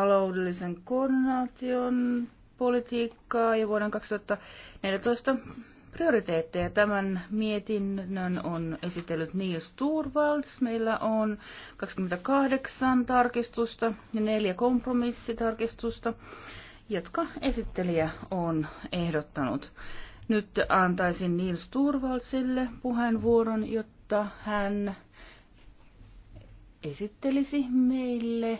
taloudellisen koordinaation politiikkaa ja vuoden 2014 prioriteetteja. Tämän mietinnön on esitellyt Niels Turvalds. Meillä on 28 tarkistusta ja neljä kompromissitarkistusta, jotka esittelijä on ehdottanut. Nyt antaisin Niels Turvaldsille puheenvuoron, jotta hän esittelisi meille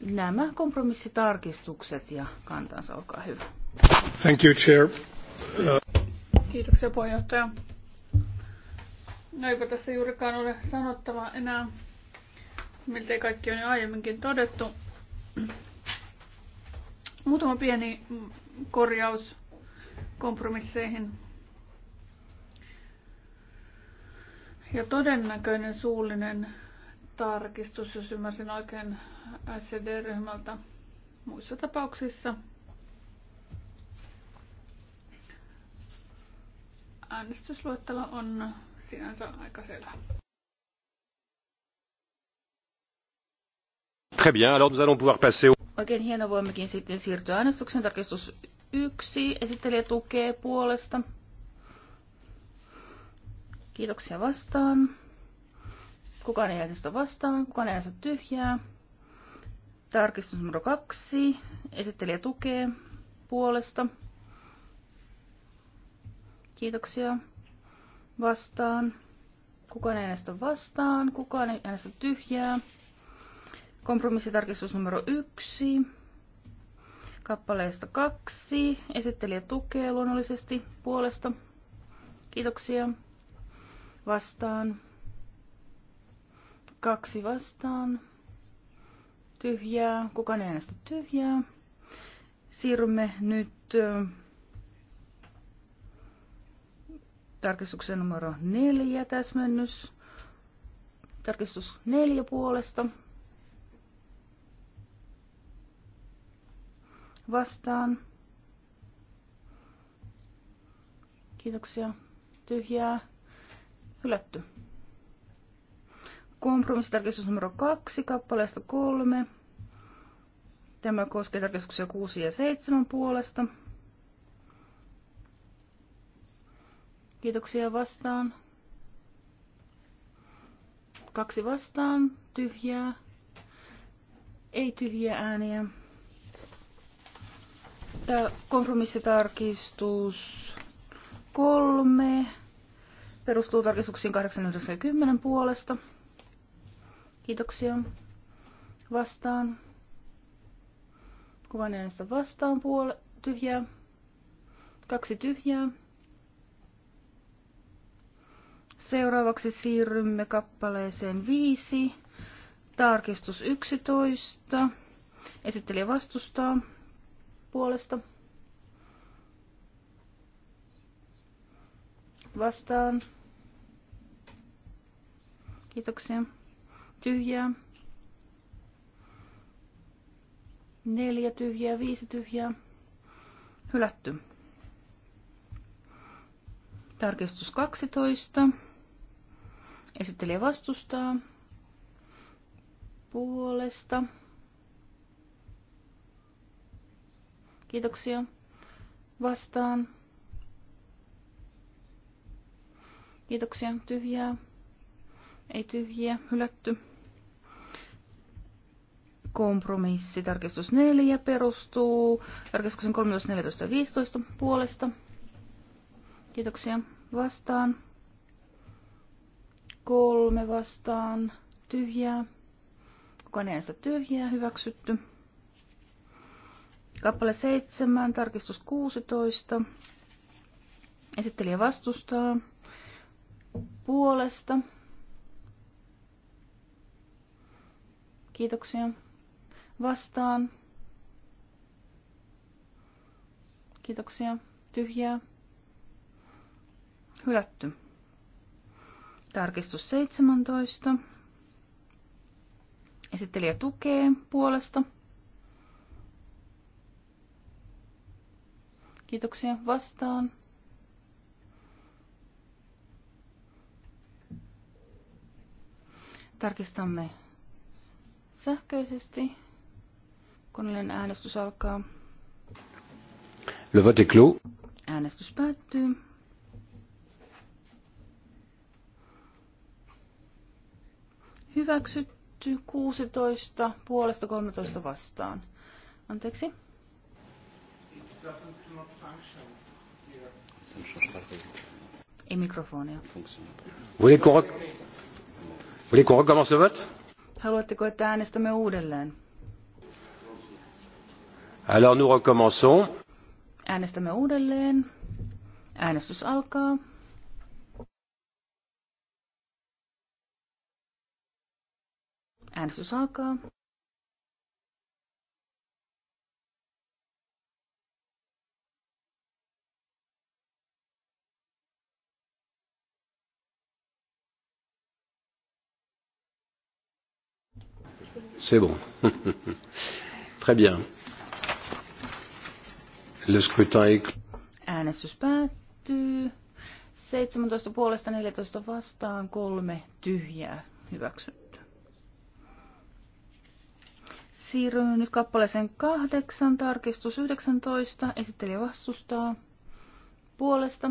nämä kompromissitarkistukset ja kantansa. Olkaa hyvä. Thank you, Chair. Kiitoksia puheenjohtaja. No eipä tässä juurikaan ole sanottavaa enää. Miltei kaikki on jo aiemminkin todettu. Muutama pieni korjaus kompromisseihin. Ja todennäköinen suullinen tarkistus, jos ymmärsin oikein SED-ryhmältä muissa tapauksissa. Äänestysluettelo on sinänsä aika selvä. Très bien, alors nous allons pouvoir passer au... Oikein hieno voimmekin sitten siirtyä äänestyksen tarkistus yksi. Esittelijä tukee puolesta. Kiitoksia vastaan. Kukaan ei sitä vastaan, kukaan ei äänestä tyhjää. Tarkistus numero kaksi. Esittelijä tukee puolesta. Kiitoksia. Vastaan. Kukaan ei äänestä vastaan, kukaan ei äänestä tyhjää. Kompromissitarkistus numero yksi. Kappaleesta kaksi. Esittelijä tukee luonnollisesti puolesta. Kiitoksia. Vastaan. Kaksi vastaan. Tyhjää. Kukaan ei äänestä tyhjää. Siirrymme nyt tarkistuksen numero neljä täsmennys. Tarkistus neljä puolesta. Vastaan. Kiitoksia. Tyhjää. Hylätty. Kompromissitarkistus numero kaksi kappaleesta kolme. Tämä koskee tarkistuksia 6 ja 7 puolesta. Kiitoksia vastaan. Kaksi vastaan. Tyhjää. Ei tyhjiä ääniä. Tämä kompromissitarkistus kolme perustuu tarkistuksiin 890 puolesta. Kiitoksia. Vastaan. Kuvan äänestä vastaan puole- tyhjää. Kaksi tyhjää. Seuraavaksi siirrymme kappaleeseen 5. Tarkistus 11. Esittelijä vastustaa puolesta. Vastaan. Kiitoksia tyhjää. Neljä tyhjää, viisi tyhjää. Hylätty. Tarkistus 12. Esittelijä vastustaa puolesta. Kiitoksia. Vastaan. Kiitoksia. Tyhjää. Ei tyhjiä, hylätty. Kompromissi, tarkistus 4 perustuu tarkistuksen 13, 14 ja 15 puolesta. Kiitoksia. Vastaan. Kolme vastaan. Tyhjää. Kukaan ei tyhjää. Hyväksytty. Kappale 7, tarkistus 16. Esittelijä vastustaa puolesta. Kiitoksia. Vastaan. Kiitoksia. Tyhjää. Hylätty. Tarkistus 17. Esittelijä tukee puolesta. Kiitoksia. Vastaan. Tarkistamme sähköisesti. Koneellinen äänestys alkaa. Le vote est clos. Äänestys päättyy. Hyväksytty 16 puolesta 13 vastaan. Anteeksi. Ei mikrofonia. Vous voulez qu'on recommence le vote Haluatteko, että äänestämme uudelleen? Alors nous recommençons. Äänestämme uudelleen. Äänestys alkaa. Äänestys alkaa. C'est bon. Très bien. Le scrutin est... clos. Äänestys päättyy. 17 puolesta 14 vastaan, kolme tyhjää hyväksytty. Siirryn nyt kappaleeseen kahdeksan, tarkistus 19, esittelijä vastustaa puolesta.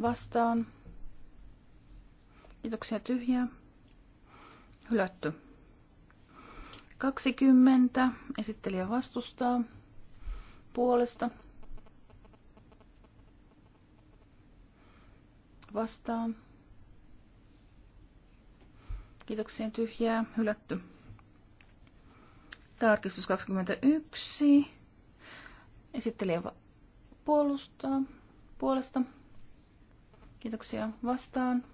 Vastaan Kiitoksia tyhjää. Hylätty. 20. Esittelijä vastustaa puolesta. Vastaan. Kiitoksia tyhjää. Hylätty. Tarkistus 21. Esittelijä puolustaa puolesta. Kiitoksia vastaan.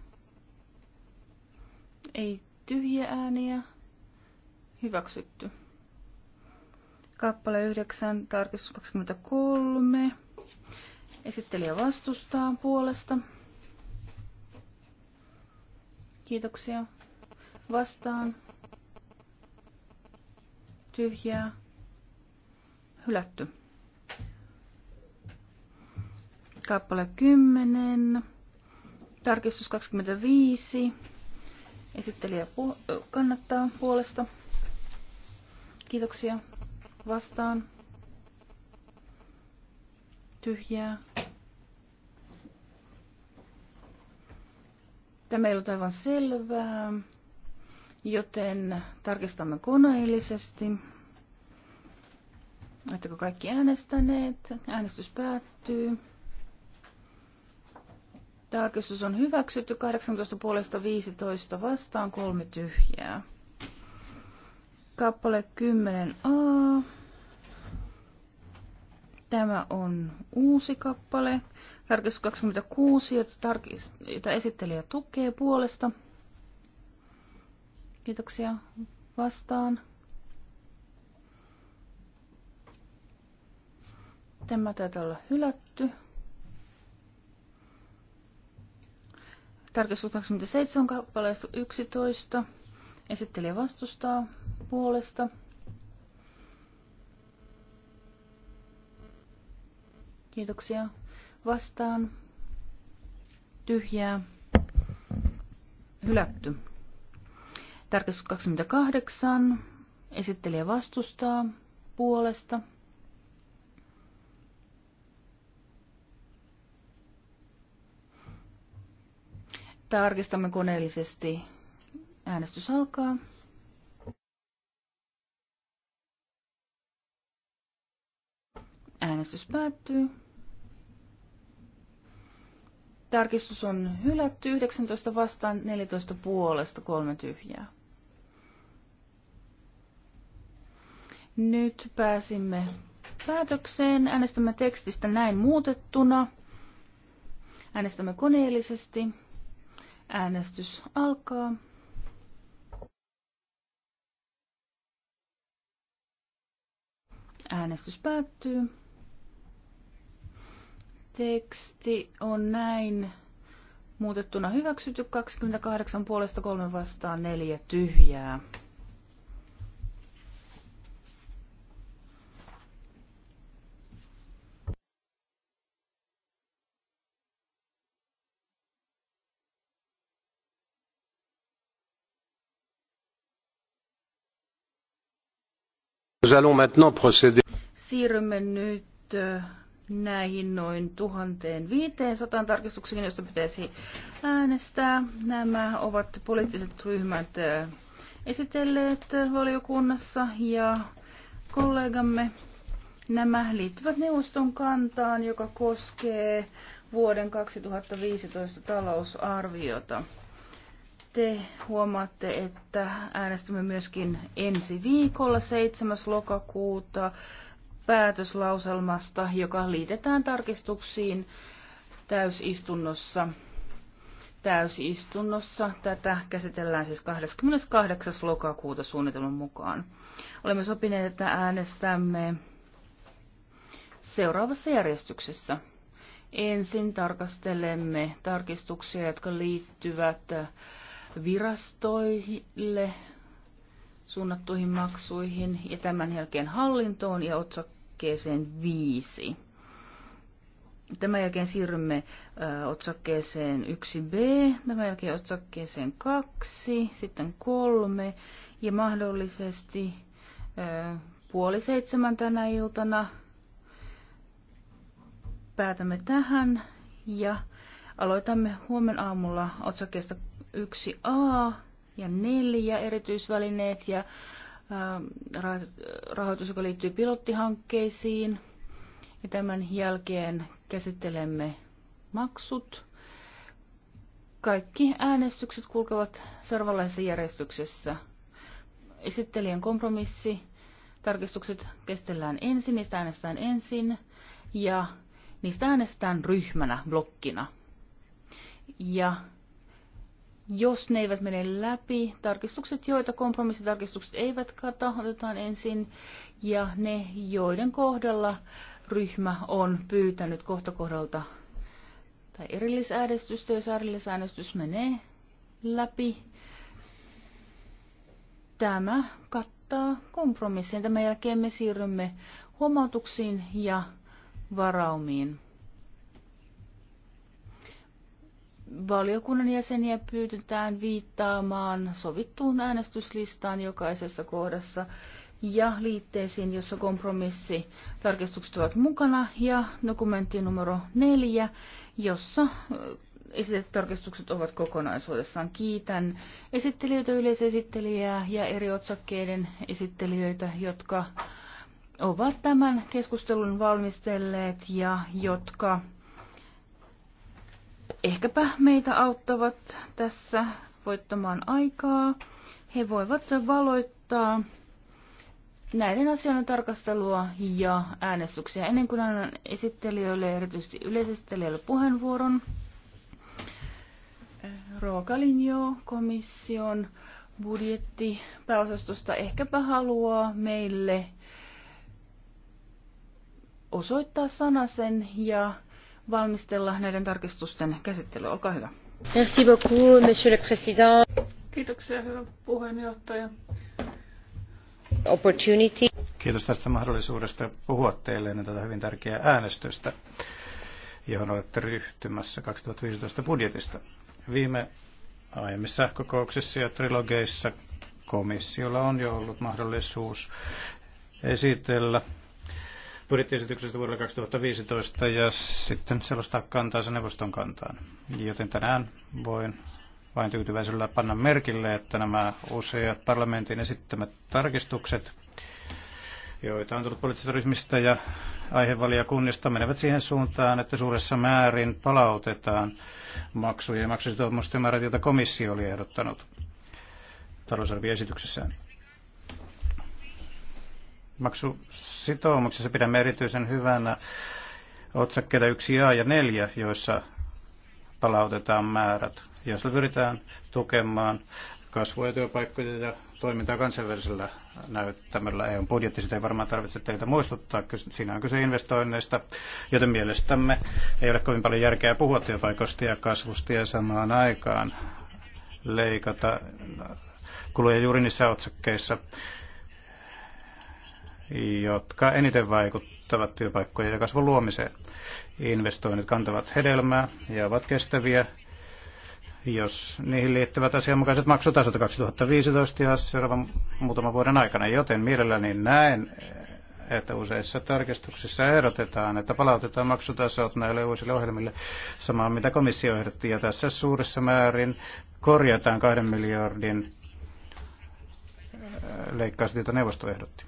Ei tyhjiä ääniä. Hyväksytty. Kappale 9, tarkistus 23. Esittelijä vastustaa puolesta. Kiitoksia. Vastaan. Tyhjää. Hylätty. Kappale 10. Tarkistus 25. Esittelijä pu- kannattaa puolesta. Kiitoksia. Vastaan. Tyhjää. Tämä ei ollut aivan selvää, joten tarkistamme koneellisesti. Oletteko kaikki äänestäneet? Äänestys päättyy. Tarkistus on hyväksytty 18 puolesta 15 vastaan kolme tyhjää. Kappale 10a. Tämä on uusi kappale. Tarkistus 26, jota, tarkist- jota esittelijä tukee puolesta. Kiitoksia vastaan. Tämä taitaa olla hylätty. Tarkistus 27 kappaleesta 11. Esittelijä vastustaa puolesta. Kiitoksia. Vastaan. Tyhjää. Hylätty. Tarkistus 28. Esittelijä vastustaa puolesta. Tarkistamme koneellisesti. Äänestys alkaa. Äänestys päättyy. Tarkistus on hylätty 19 vastaan 14 puolesta kolme tyhjää. Nyt pääsimme päätökseen. Äänestämme tekstistä näin muutettuna. Äänestämme koneellisesti. Äänestys alkaa. Äänestys päättyy. Teksti on näin muutettuna hyväksytty 28 puolesta 3 vastaan 4 tyhjää. Nous allons maintenant procéder. Siirrymme nyt äh, näihin noin 1500 tarkistuksiin, joista pitäisi äänestää. Nämä ovat poliittiset ryhmät äh, esitelleet valiokunnassa ja kollegamme. Nämä liittyvät neuvoston kantaan, joka koskee vuoden 2015 talousarviota. Te huomaatte, että äänestämme myöskin ensi viikolla 7. lokakuuta päätöslauselmasta, joka liitetään tarkistuksiin täysistunnossa. Täysistunnossa tätä käsitellään siis 28. lokakuuta suunnitelman mukaan. Olemme sopineet, että äänestämme seuraavassa järjestyksessä. Ensin tarkastelemme tarkistuksia, jotka liittyvät virastoille suunnattuihin maksuihin ja tämän jälkeen hallintoon ja otsakkeeseen 5. Tämän jälkeen siirrymme otsakkeeseen 1b, tämän jälkeen otsakkeeseen 2, sitten 3 ja mahdollisesti puoli seitsemän tänä iltana päätämme tähän ja aloitamme huomenna aamulla otsakkeesta 1a ja 4 erityisvälineet ja ähm, rahoitus, joka liittyy pilottihankkeisiin. Ja tämän jälkeen käsittelemme maksut. Kaikki äänestykset kulkevat sarvalaisessa järjestyksessä. Esittelijän kompromissi. Tarkistukset kestellään ensin, niistä äänestetään ensin ja niistä äänestetään ryhmänä, blokkina. Ja jos ne eivät mene läpi, tarkistukset, joita kompromissitarkistukset eivät kata, otetaan ensin, ja ne, joiden kohdalla ryhmä on pyytänyt kohtakohdalta tai erillisäänestystä, jos erillisäänestys menee läpi. Tämä kattaa kompromissin. Tämän jälkeen me siirrymme huomautuksiin ja varaumiin. valiokunnan jäseniä pyytetään viittaamaan sovittuun äänestyslistaan jokaisessa kohdassa ja liitteisiin, jossa kompromissi tarkistukset ovat mukana, ja dokumentti numero neljä, jossa äh, esitetyt tarkistukset ovat kokonaisuudessaan. Kiitän esittelijöitä, yleisesittelijää ja eri otsakkeiden esittelijöitä, jotka ovat tämän keskustelun valmistelleet ja jotka ehkäpä meitä auttavat tässä voittamaan aikaa. He voivat valoittaa näiden asioiden tarkastelua ja äänestyksiä. Ennen kuin annan esittelijöille ja erityisesti yleisesittelijöille puheenvuoron, Ruokalinjo komission budjetti pääosastosta ehkäpä haluaa meille osoittaa sanasen ja valmistella näiden tarkistusten käsittely. Olkaa hyvä. Merci beaucoup, monsieur le président. Kiitoksia, hyvä puheenjohtaja. Opportunity. Kiitos tästä mahdollisuudesta puhua teille ennen tätä hyvin tärkeää äänestystä, johon olette ryhtymässä 2015 budjetista. Viime aiemmissa kokouksissa ja trilogeissa komissiolla on jo ollut mahdollisuus esitellä budjettiesityksestä vuodelle 2015 ja sitten selostaa kantaansa neuvoston kantaan. Joten tänään voin vain tyytyväisyydellä panna merkille, että nämä useat parlamentin esittämät tarkistukset, joita on tullut poliittisista ryhmistä ja aihevaliokunnista, menevät siihen suuntaan, että suuressa määrin palautetaan maksuja ja maksusitoumusten määrät, joita komissio oli ehdottanut talousarvioesityksessään. esityksessään maksusitoumuksessa pidämme erityisen hyvänä otsakkeita 1a ja 4, joissa palautetaan määrät, jos pyritään tukemaan kasvua ja työpaikkoja ja toimintaa kansainvälisellä näyttämällä EUn budjetti. Sitä ei varmaan tarvitse teitä muistuttaa. Siinä on kyse investoinneista, joten mielestämme ei ole kovin paljon järkeä puhua työpaikoista ja kasvusta ja samaan aikaan leikata kuluja juuri niissä otsakkeissa, jotka eniten vaikuttavat työpaikkojen ja kasvun luomiseen. Investoinnit kantavat hedelmää ja ovat kestäviä, jos niihin liittyvät asianmukaiset maksutasot 2015 ja seuraavan muutaman vuoden aikana. Joten mielelläni näen, että useissa tarkistuksissa ehdotetaan, että palautetaan maksutasot näille uusille ohjelmille samaan, mitä komissio ehdotti. Ja tässä suuressa määrin korjataan kahden miljardin äh, leikkaus, jota neuvosto ehdotti.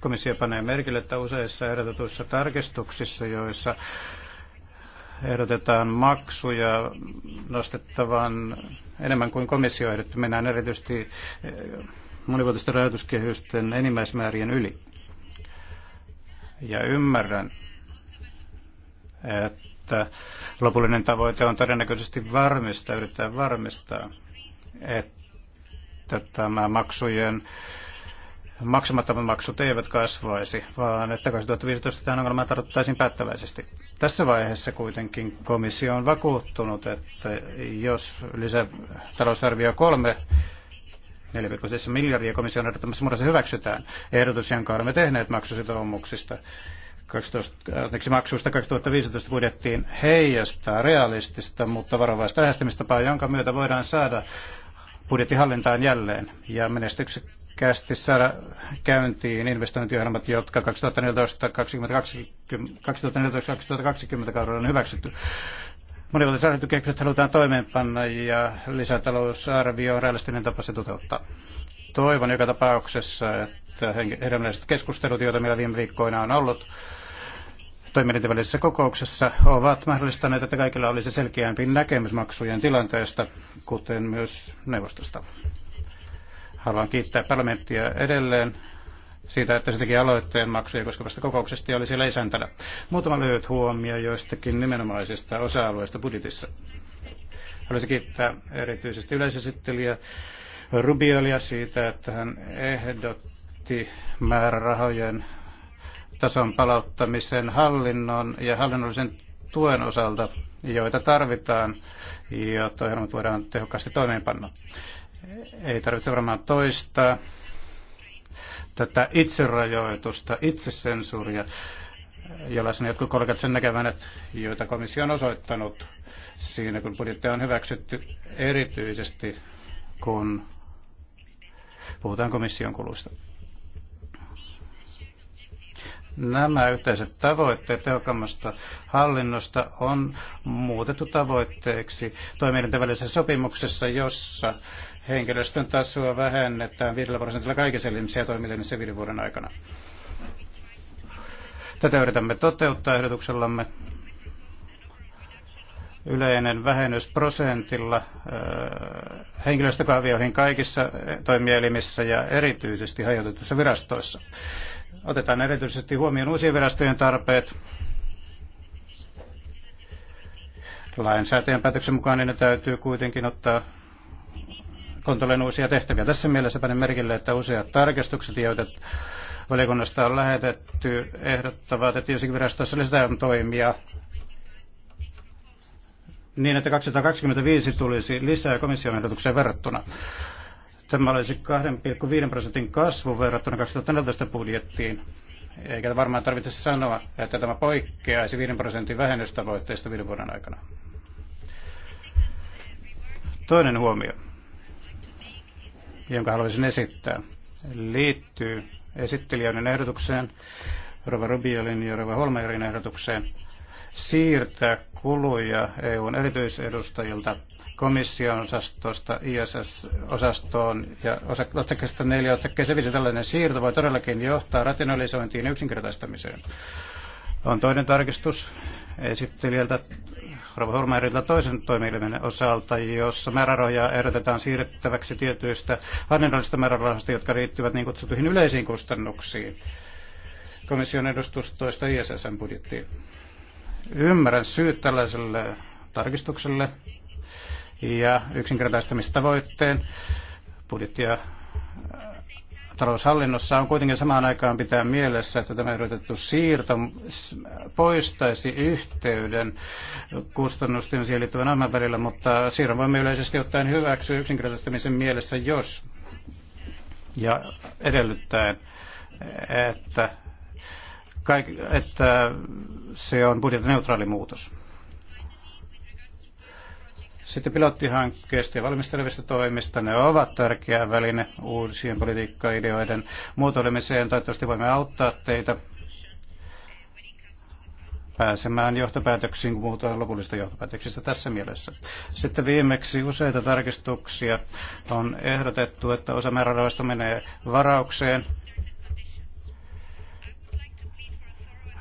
Komissio panee merkille, että useissa ehdotetuissa tarkistuksissa, joissa ehdotetaan maksuja nostettavan enemmän kuin komissio ehdotti, mennään erityisesti eh, monivuotisten rajoituskehysten enimmäismäärien yli. Ja ymmärrän, että lopullinen tavoite on todennäköisesti varmistaa, yrittää varmistaa, että tämä maksujen maksamattomat maksut eivät kasvaisi, vaan että 2015 tähän ongelmaan tarvittaisiin päättäväisesti. Tässä vaiheessa kuitenkin komissio on vakuuttunut, että jos lisätalousarvio kolme 4,7 miljardia komission ehdottomassa muodossa hyväksytään. Ehdotus, jonka olemme tehneet maksusitoumuksista 12, maksusta 2015 budjettiin heijastaa realistista, mutta varovaista lähestymistapaa, jonka myötä voidaan saada budjettihallintaan jälleen ja menestykset jämäkästi saada käyntiin investointiohjelmat, jotka 2014-2020 kaudella on hyväksytty. Monivuotiset rahoituskehykset halutaan toimeenpanna ja lisätalousarvio on realistinen tapa se toteuttaa. Toivon joka tapauksessa, että erilaiset keskustelut, joita meillä viime viikkoina on ollut, toimielinten välisessä kokouksessa ovat mahdollistaneet, että kaikilla olisi selkeämpi näkemys maksujen tilanteesta, kuten myös neuvostosta. Haluan kiittää parlamenttia edelleen siitä, että se teki aloitteen maksuja koskevasta kokouksesta ja oli siellä isäntänä. Muutama lyhyt huomio joistakin nimenomaisista osa-alueista budjetissa. Haluaisin kiittää erityisesti yleisesittelijä Rubiolia siitä, että hän ehdotti määrärahojen tason palauttamisen hallinnon ja hallinnollisen tuen osalta, joita tarvitaan, jotta ohjelmat voidaan tehokkaasti toimeenpanna. Ei tarvitse varmaan toistaa tätä itserajoitusta, itsesensuuria, sinne jotkut kollegat sen näkevät, joita komissio on osoittanut siinä, kun budjettia on hyväksytty erityisesti, kun puhutaan komission kuluista. Nämä yhteiset tavoitteet tehokkaammasta hallinnosta on muutettu tavoitteeksi toimielinten välisessä sopimuksessa, jossa henkilöstön tasoa vähennetään 5 prosentilla kaikissa elimissä ja toimielimissä viiden vuoden aikana. Tätä yritämme toteuttaa ehdotuksellamme yleinen vähennys prosentilla äh, henkilöstökaavioihin kaikissa äh, toimielimissä ja erityisesti hajautetuissa virastoissa. Otetaan erityisesti huomioon uusien virastojen tarpeet. Lainsäätäjän päätöksen mukaan niin ne täytyy kuitenkin ottaa kontolleen uusia tehtäviä. Tässä mielessä panen merkille, että useat tarkistukset, joita valiokunnasta on lähetetty, ehdottavat, että jossakin virastossa lisätään toimia niin, että 225 tulisi lisää komission ehdotukseen verrattuna. Tämä olisi 2,5 prosentin kasvu verrattuna 2014 budjettiin. Eikä varmaan tarvitse sanoa, että tämä poikkeaisi 5 prosentin vähennystavoitteesta viiden vuoden aikana. Toinen huomio jonka haluaisin esittää, liittyy esittelijöiden ehdotukseen, Rova Rubiolin ja Rova Holmeerin ehdotukseen, siirtää kuluja EUn erityisedustajilta komission osastosta ISS-osastoon ja otsakkeesta 4 otsakkeeseen tällainen siirto voi todellakin johtaa rationalisointiin ja yksinkertaistamiseen. On toinen tarkistus esittelijältä Rova Hurmeerilta toisen toimielimen osalta, jossa määrärahoja ehdotetaan siirrettäväksi tietyistä hallinnollisista määrärahoista, jotka liittyvät niin kutsutuihin yleisiin kustannuksiin komission edustustoista ISSn budjettiin. Ymmärrän syyt tällaiselle tarkistukselle ja yksinkertaistamistavoitteen budjettia taloushallinnossa on kuitenkin samaan aikaan pitää mielessä, että tämä ehdotettu siirto poistaisi yhteyden kustannusten siihen liittyvän ohjelman välillä, mutta siirron voimme yleisesti ottaen hyväksyä yksinkertaistamisen mielessä, jos ja edellyttäen, että, kaik, että se on budjettineutraali muutos. Sitten pilottihankkeesta ja valmistelevista toimista. Ne ovat tärkeä väline uusien politiikkaideoiden muotoilemiseen. Toivottavasti voimme auttaa teitä pääsemään johtopäätöksiin, kun puhutaan lopullisista johtopäätöksistä tässä mielessä. Sitten viimeksi useita tarkistuksia on ehdotettu, että osa määrärahoista menee varaukseen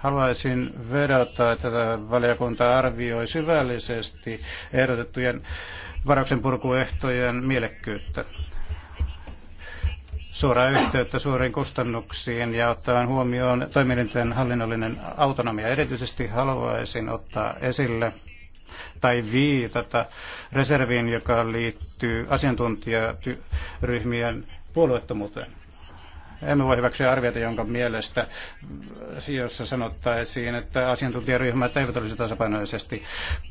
Haluaisin vedota, että valiokunta arvioi syvällisesti ehdotettujen varauksen purkuehtojen mielekkyyttä suoraa yhteyttä suuriin kustannuksiin ja ottaen huomioon toimielinten hallinnollinen autonomia. Erityisesti haluaisin ottaa esille tai viitata reserviin, joka liittyy asiantuntijaryhmien puolueettomuuteen. Emme voi hyväksyä arviota, jonka mielestä, jossa sanottaisiin, että asiantuntijaryhmät eivät olisi tasapainoisesti,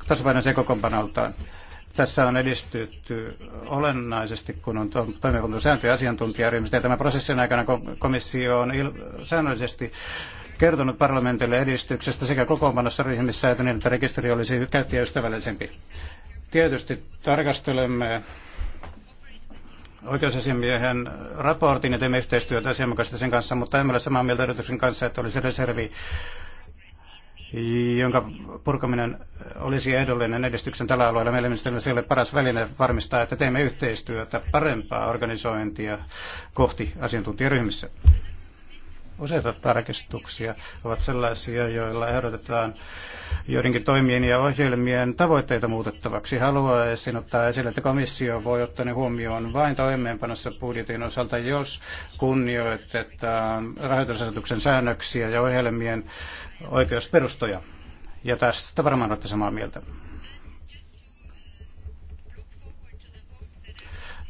tasapainoisia kokoonpanoltaan tässä on edistytty olennaisesti, kun on toimikunnan sääntöjä asiantuntijaryhmistä. Ja tämän prosessin aikana komissio on il- säännöllisesti kertonut parlamentille edistyksestä sekä kokoonpanossa ryhmissä, että niin, että rekisteri olisi käyttäjäystävällisempi. Tietysti tarkastelemme oikeusasiamiehen raportin ja teemme yhteistyötä asianmukaisesti sen kanssa, mutta emme ole samaa mieltä yrityksen kanssa, että olisi reservi, jonka purkaminen olisi ehdollinen edistyksen tällä alueella. Meillä mielestäni se ei ole paras väline varmistaa, että teemme yhteistyötä parempaa organisointia kohti asiantuntijaryhmissä. Useita tarkistuksia ovat sellaisia, joilla ehdotetaan joidenkin toimien ja ohjelmien tavoitteita muutettavaksi. Haluaisin ottaa esille, että komissio voi ottaa ne huomioon vain toimeenpanossa budjetin osalta, jos kunnioitetaan rahoitusasetuksen säännöksiä ja ohjelmien oikeusperustoja. Ja tästä varmaan olette samaa mieltä.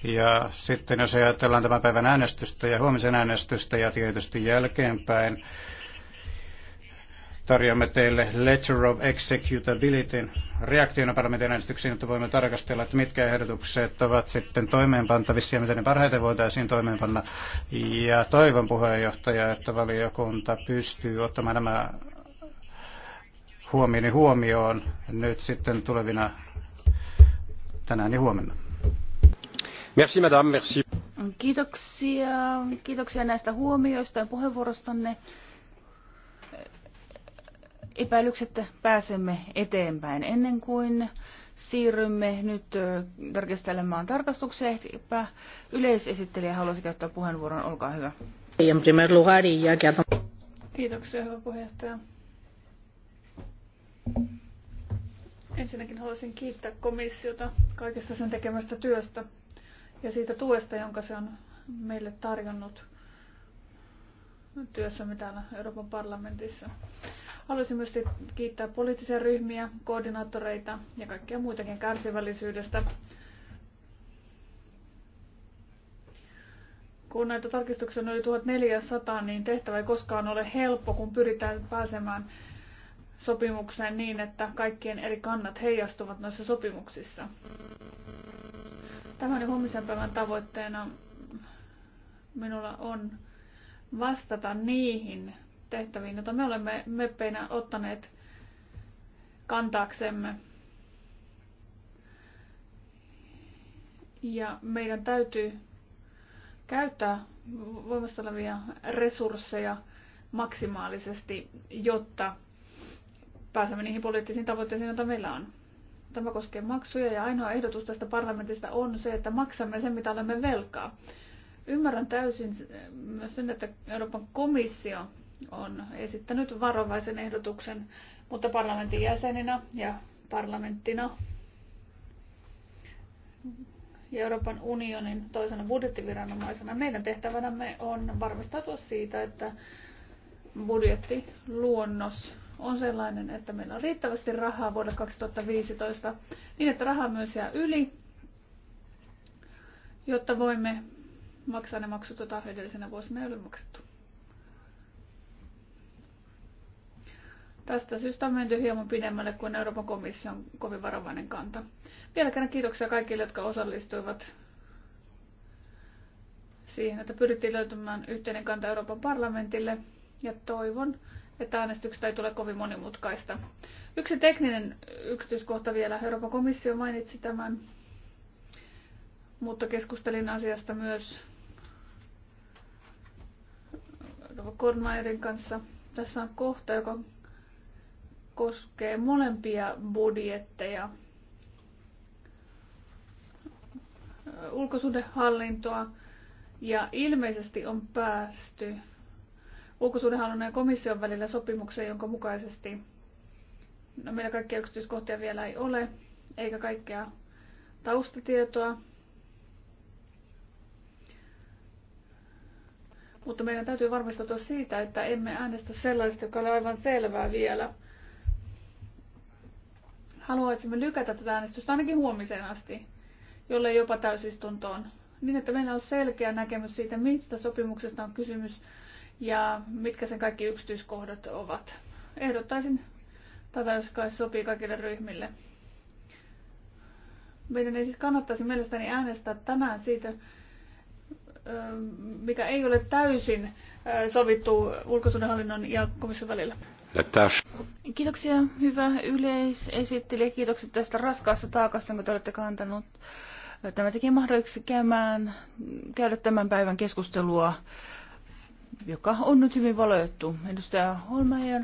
Ja sitten jos ajatellaan tämän päivän äänestystä ja huomisen äänestystä ja tietysti jälkeenpäin, tarjoamme teille Letter of Executability reaktiona parlamentin äänestyksiin, että voimme tarkastella, että mitkä ehdotukset ovat sitten toimeenpantavissa ja miten ne parhaiten voitaisiin toimeenpanna. Ja toivon puheenjohtaja, että valiokunta pystyy ottamaan nämä huomioon nyt sitten tulevina tänään ja huomenna. Merci, madame, merci. Kiitoksia. Kiitoksia näistä huomioista ja puheenvuorostanne. Epäilyksettä pääsemme eteenpäin ennen kuin siirrymme nyt tarkastelemaan tarkastuksia. Ehkäpä yleisesittelijä haluaisi käyttää puheenvuoron. Olkaa hyvä. Kiitoksia, hyvä puheenjohtaja. Ensinnäkin haluaisin kiittää komissiota kaikesta sen tekemästä työstä ja siitä tuesta, jonka se on meille tarjonnut työssämme täällä Euroopan parlamentissa. Haluaisin myös kiittää poliittisia ryhmiä, koordinaattoreita ja kaikkia muitakin kärsivällisyydestä. Kun näitä tarkistuksia on yli 1400, niin tehtävä ei koskaan ole helppo, kun pyritään pääsemään sopimukseen niin, että kaikkien eri kannat heijastuvat noissa sopimuksissa. Tämän huomisen päivän tavoitteena minulla on vastata niihin tehtäviin, joita me olemme meppeinä ottaneet kantaaksemme. Ja meidän täytyy käyttää voimassa olevia resursseja maksimaalisesti, jotta pääsemme niihin poliittisiin tavoitteisiin, joita meillä on. Tämä koskee maksuja ja ainoa ehdotus tästä parlamentista on se, että maksamme sen, mitä olemme velkaa. Ymmärrän täysin myös sen, että Euroopan komissio on esittänyt varovaisen ehdotuksen, mutta parlamentin jäseninä ja parlamenttina ja Euroopan unionin toisena budjettiviranomaisena meidän tehtävänämme on varmistautua siitä, että budjettiluonnos on sellainen, että meillä on riittävästi rahaa vuodelle 2015 niin, että rahaa myös jää yli, jotta voimme maksaa ne maksut, joita edellisenä vuosina ei ole maksettu. Tästä syystä on menty hieman pidemmälle kuin Euroopan komission kovin varovainen kanta. Vielä kerran kiitoksia kaikille, jotka osallistuivat siihen, että pyrittiin löytämään yhteinen kanta Euroopan parlamentille ja toivon, että äänestyksestä ei tule kovin monimutkaista. Yksi tekninen yksityiskohta vielä. Euroopan komissio mainitsi tämän, mutta keskustelin asiasta myös Kornmeierin kanssa. Tässä on kohta, joka koskee molempia budjetteja. Ulkosuhdehallintoa ja ilmeisesti on päästy ulkosuudenhallinnon ja komission välillä sopimukseen, jonka mukaisesti no meillä kaikkia yksityiskohtia vielä ei ole, eikä kaikkea taustatietoa. Mutta meidän täytyy varmistautua siitä, että emme äänestä sellaista, joka ei ole aivan selvää vielä. Haluaisimme lykätä tätä äänestystä ainakin huomiseen asti, jolle jopa täysistuntoon, niin että meillä on selkeä näkemys siitä, mistä sopimuksesta on kysymys ja mitkä sen kaikki yksityiskohdat ovat. Ehdottaisin tätä, jos kai sopii kaikille ryhmille. Meidän ei siis kannattaisi mielestäni äänestää tänään siitä, mikä ei ole täysin sovittu ulkosuudenhallinnon ja komission välillä. Kiitoksia, hyvä yleisesittelijä. Kiitokset tästä raskaasta taakasta, jonka te olette kantanut. Tämä teki mahdolliseksi käymään, käydä tämän päivän keskustelua joka on nyt hyvin valottu. Edustaja Holmeier,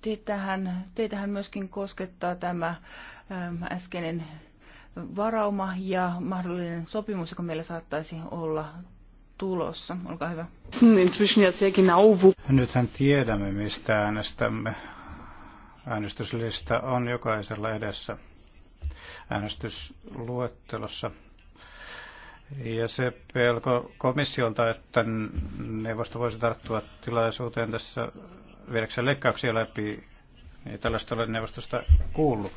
teitähän, teitähän myöskin koskettaa tämä ähm, äskeinen varauma ja mahdollinen sopimus, joka meillä saattaisi olla tulossa. Olkaa hyvä. Nythän tiedämme, mistä äänestämme. Äänestyslista on jokaisella edessä äänestysluettelossa. Ja se pelko komissiolta, että neuvosto voisi tarttua tilaisuuteen tässä viedäkseen leikkauksia läpi, ei tällaista ole neuvostosta kuullut,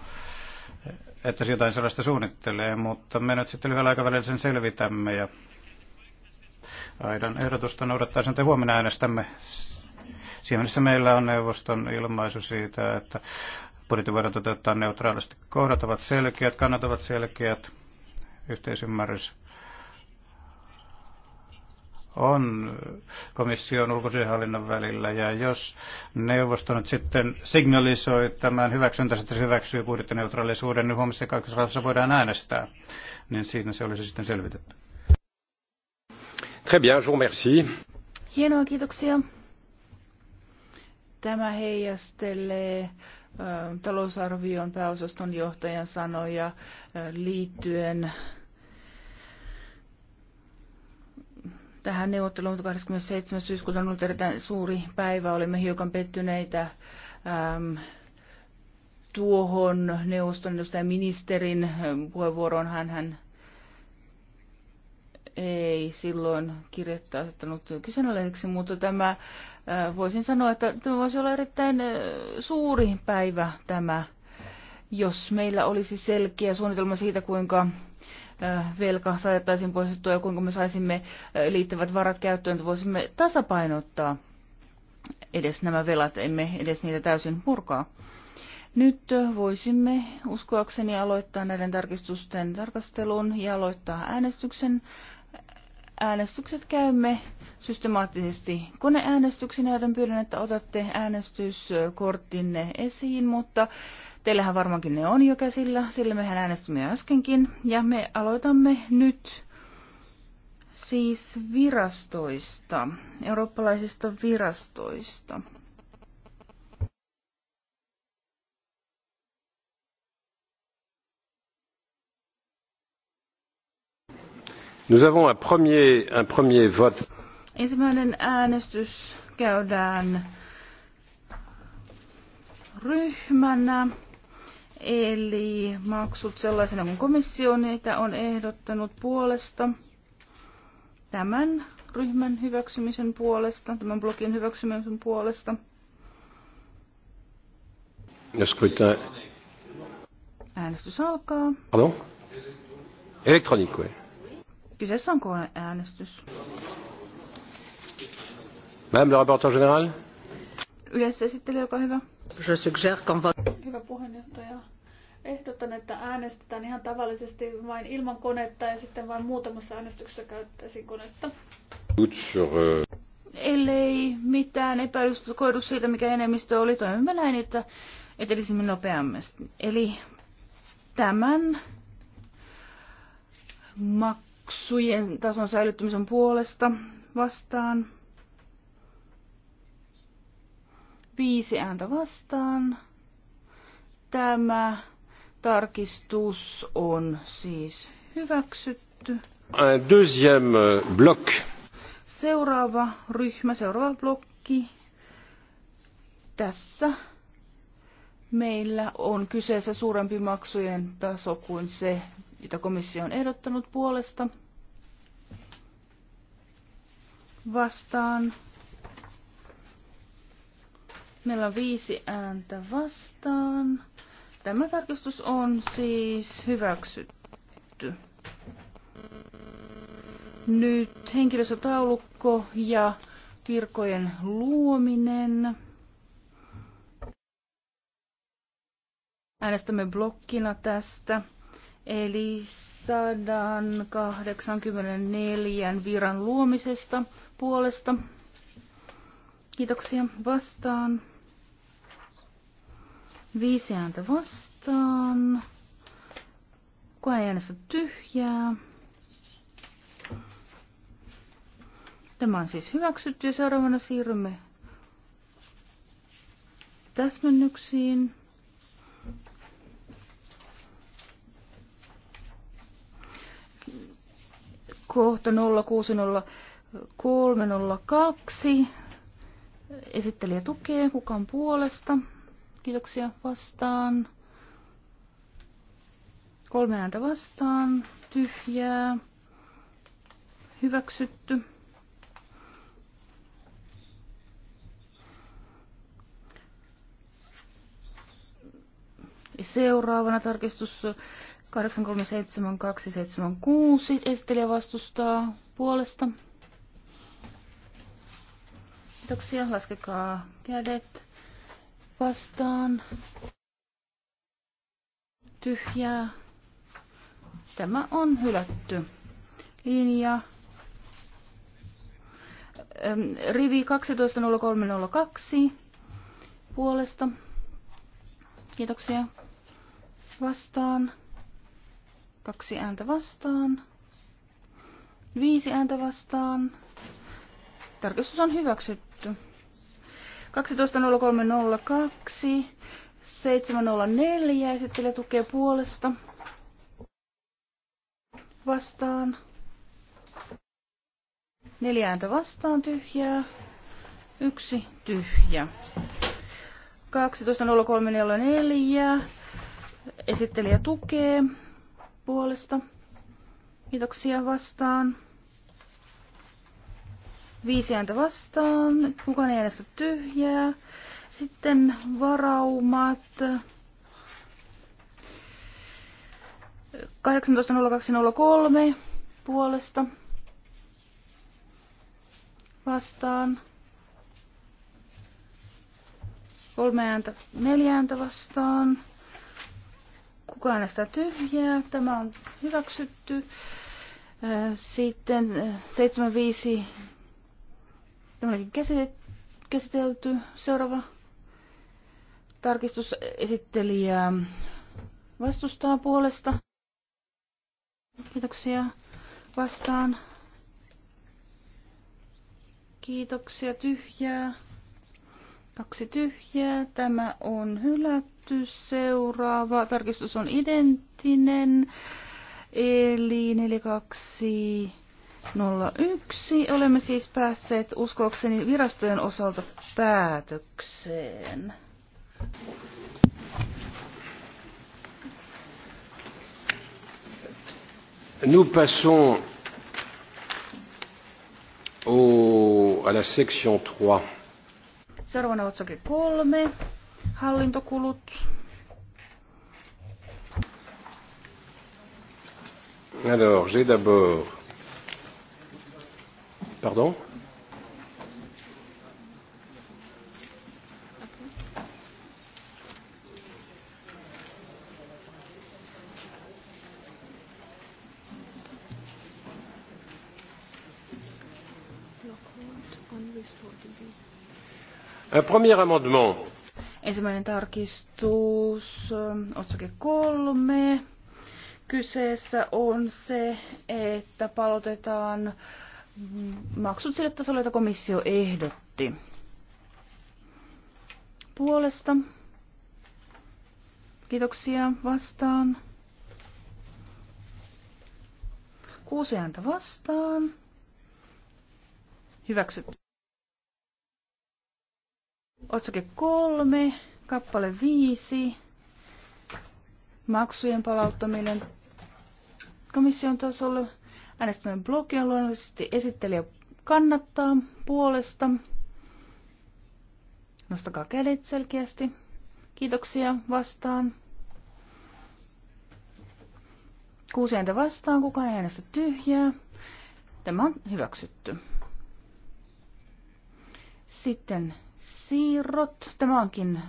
että se jotain sellaista suunnittelee, mutta me nyt sitten lyhyellä aikavälillä sen selvitämme ja aidan ehdotusta noudattaa sen, että huomenna äänestämme. Siemenessä meillä on neuvoston ilmaisu siitä, että budjetin voidaan toteuttaa neutraalisti. Kohdat ovat selkeät, kannat ovat selkeät, yhteisymmärrys on komission ulkoasianhallinnon välillä. Ja jos neuvosto nyt sitten signalisoi tämän hyväksyntä, että se hyväksyy budjettineutraalisuuden, niin huomisessa kaikessa voidaan äänestää. Niin siinä se olisi sitten selvitetty. Très bien, je vous remercie. Hienoa, kiitoksia. Tämä heijastelee talousarvion pääosaston johtajan sanoja liittyen tähän neuvotteluun 27. syyskuuta on ollut erittäin suuri päivä. Olimme hiukan pettyneitä äm, tuohon neuvoston edustajan ministerin ähm, puheenvuoroon. Hän, hän ei silloin kirjettä asettanut kyseenalaiseksi, mutta tämä, äh, voisin sanoa, että tämä voisi olla erittäin äh, suuri päivä tämä, jos meillä olisi selkeä suunnitelma siitä, kuinka Äh, velka saataisiin poistettua ja kuinka me saisimme äh, liittyvät varat käyttöön, että voisimme tasapainottaa edes nämä velat, emme edes niitä täysin purkaa. Nyt äh, voisimme uskoakseni aloittaa näiden tarkistusten tarkastelun ja aloittaa äänestyksen äänestykset käymme systemaattisesti koneäänestyksinä, joten pyydän, että otatte äänestyskorttinne esiin, mutta teillähän varmaankin ne on jo käsillä, sillä mehän äänestimme äskenkin. Ja me aloitamme nyt siis virastoista, eurooppalaisista virastoista. Nous avons un premier, un premier vote. Ensimmäinen äänestys käydään ryhmänä, eli maksut sellaisena kuin komissio niitä on ehdottanut puolesta, tämän ryhmän hyväksymisen puolesta, tämän blogin hyväksymisen puolesta. Äänestys alkaa. Pardon? Elektroniikkoja. Kyseessä on koneäänestys. Madame le rapporteur général. Yleisesittely, joka hyvä. Je suggère qu'on va... Hyvä puheenjohtaja. Ehdotan, että äänestetään ihan tavallisesti vain ilman konetta ja sitten vain muutamassa äänestyksessä käyttäisiin konetta. Sur, euh, Ellei mitään epäilystä koidu siitä, mikä enemmistö oli, toimimme näin, että etelisimme nopeammin. Eli tämän mak- maksujen tason säilyttämisen puolesta vastaan. Viisi ääntä vastaan. Tämä tarkistus on siis hyväksytty. Un deuxième bloc. Seuraava ryhmä, seuraava blokki. Tässä meillä on kyseessä suurempi maksujen taso kuin se, jota komissio on ehdottanut puolesta vastaan. Meillä on viisi ääntä vastaan. Tämä tarkistus on siis hyväksytty. Nyt henkilöstötaulukko ja virkojen luominen. Äänestämme blokkina tästä eli 184 viran luomisesta puolesta. Kiitoksia vastaan. Viisi ääntä vastaan. Kuka ei äänestä tyhjää? Tämä on siis hyväksytty ja seuraavana siirrymme täsmennyksiin. kohta 060302. Esittelijä tukee. Kukan puolesta? Kiitoksia vastaan. Kolme ääntä vastaan. Tyhjää. Hyväksytty. Seuraavana tarkistus 837276 esittelijä vastustaa puolesta. Kiitoksia. Laskekaa kädet vastaan. Tyhjää. Tämä on hylätty. Linja. Rivi 120302 puolesta. Kiitoksia. Vastaan. Kaksi ääntä vastaan. Viisi ääntä vastaan. Tarkistus on hyväksytty. 12.03.02, 7.04 esittelee tukea puolesta. Vastaan. Neljä ääntä vastaan tyhjää. Yksi tyhjä. 12.03.04 esittelijä tukee puolesta. Kiitoksia vastaan. Viisi ääntä vastaan. Kukaan ei äänestä tyhjää. Sitten varaumat. 18.02.03 puolesta vastaan. Kolme ääntä, neljä ääntä vastaan. Kuka äänestää tyhjää? Tämä on hyväksytty. Äh, sitten 75. Äh, Tämäkin käsitelty. Seuraava tarkistusesittelijä vastustaa puolesta. Kiitoksia vastaan. Kiitoksia tyhjää. Kaksi tyhjää. Tämä on hylätty hylätty. Seuraava tarkistus on identtinen, eli 4201. Olemme siis päässeet uskoakseni virastojen osalta päätökseen. Nous passons au, à la section 3. Seuraavana otsake kolme hallintokulut. Alors, j'ai d'abord. Pardon Un premier amendement Ensimmäinen tarkistus, otsake kolme. Kyseessä on se, että palotetaan maksut sille tasolle, jota komissio ehdotti. Puolesta. Kiitoksia vastaan. Kuusi ääntä vastaan. Hyväksytty. Otsake kolme, kappale viisi, maksujen palauttaminen komission tasolle. Äänestämme blogia on luonnollisesti esittelijä kannattaa puolesta. Nostakaa kädet selkeästi. Kiitoksia vastaan. Kuusi ääntä vastaan, kukaan ei äänestä tyhjää. Tämä on hyväksytty. Sitten siirrot. Tämä onkin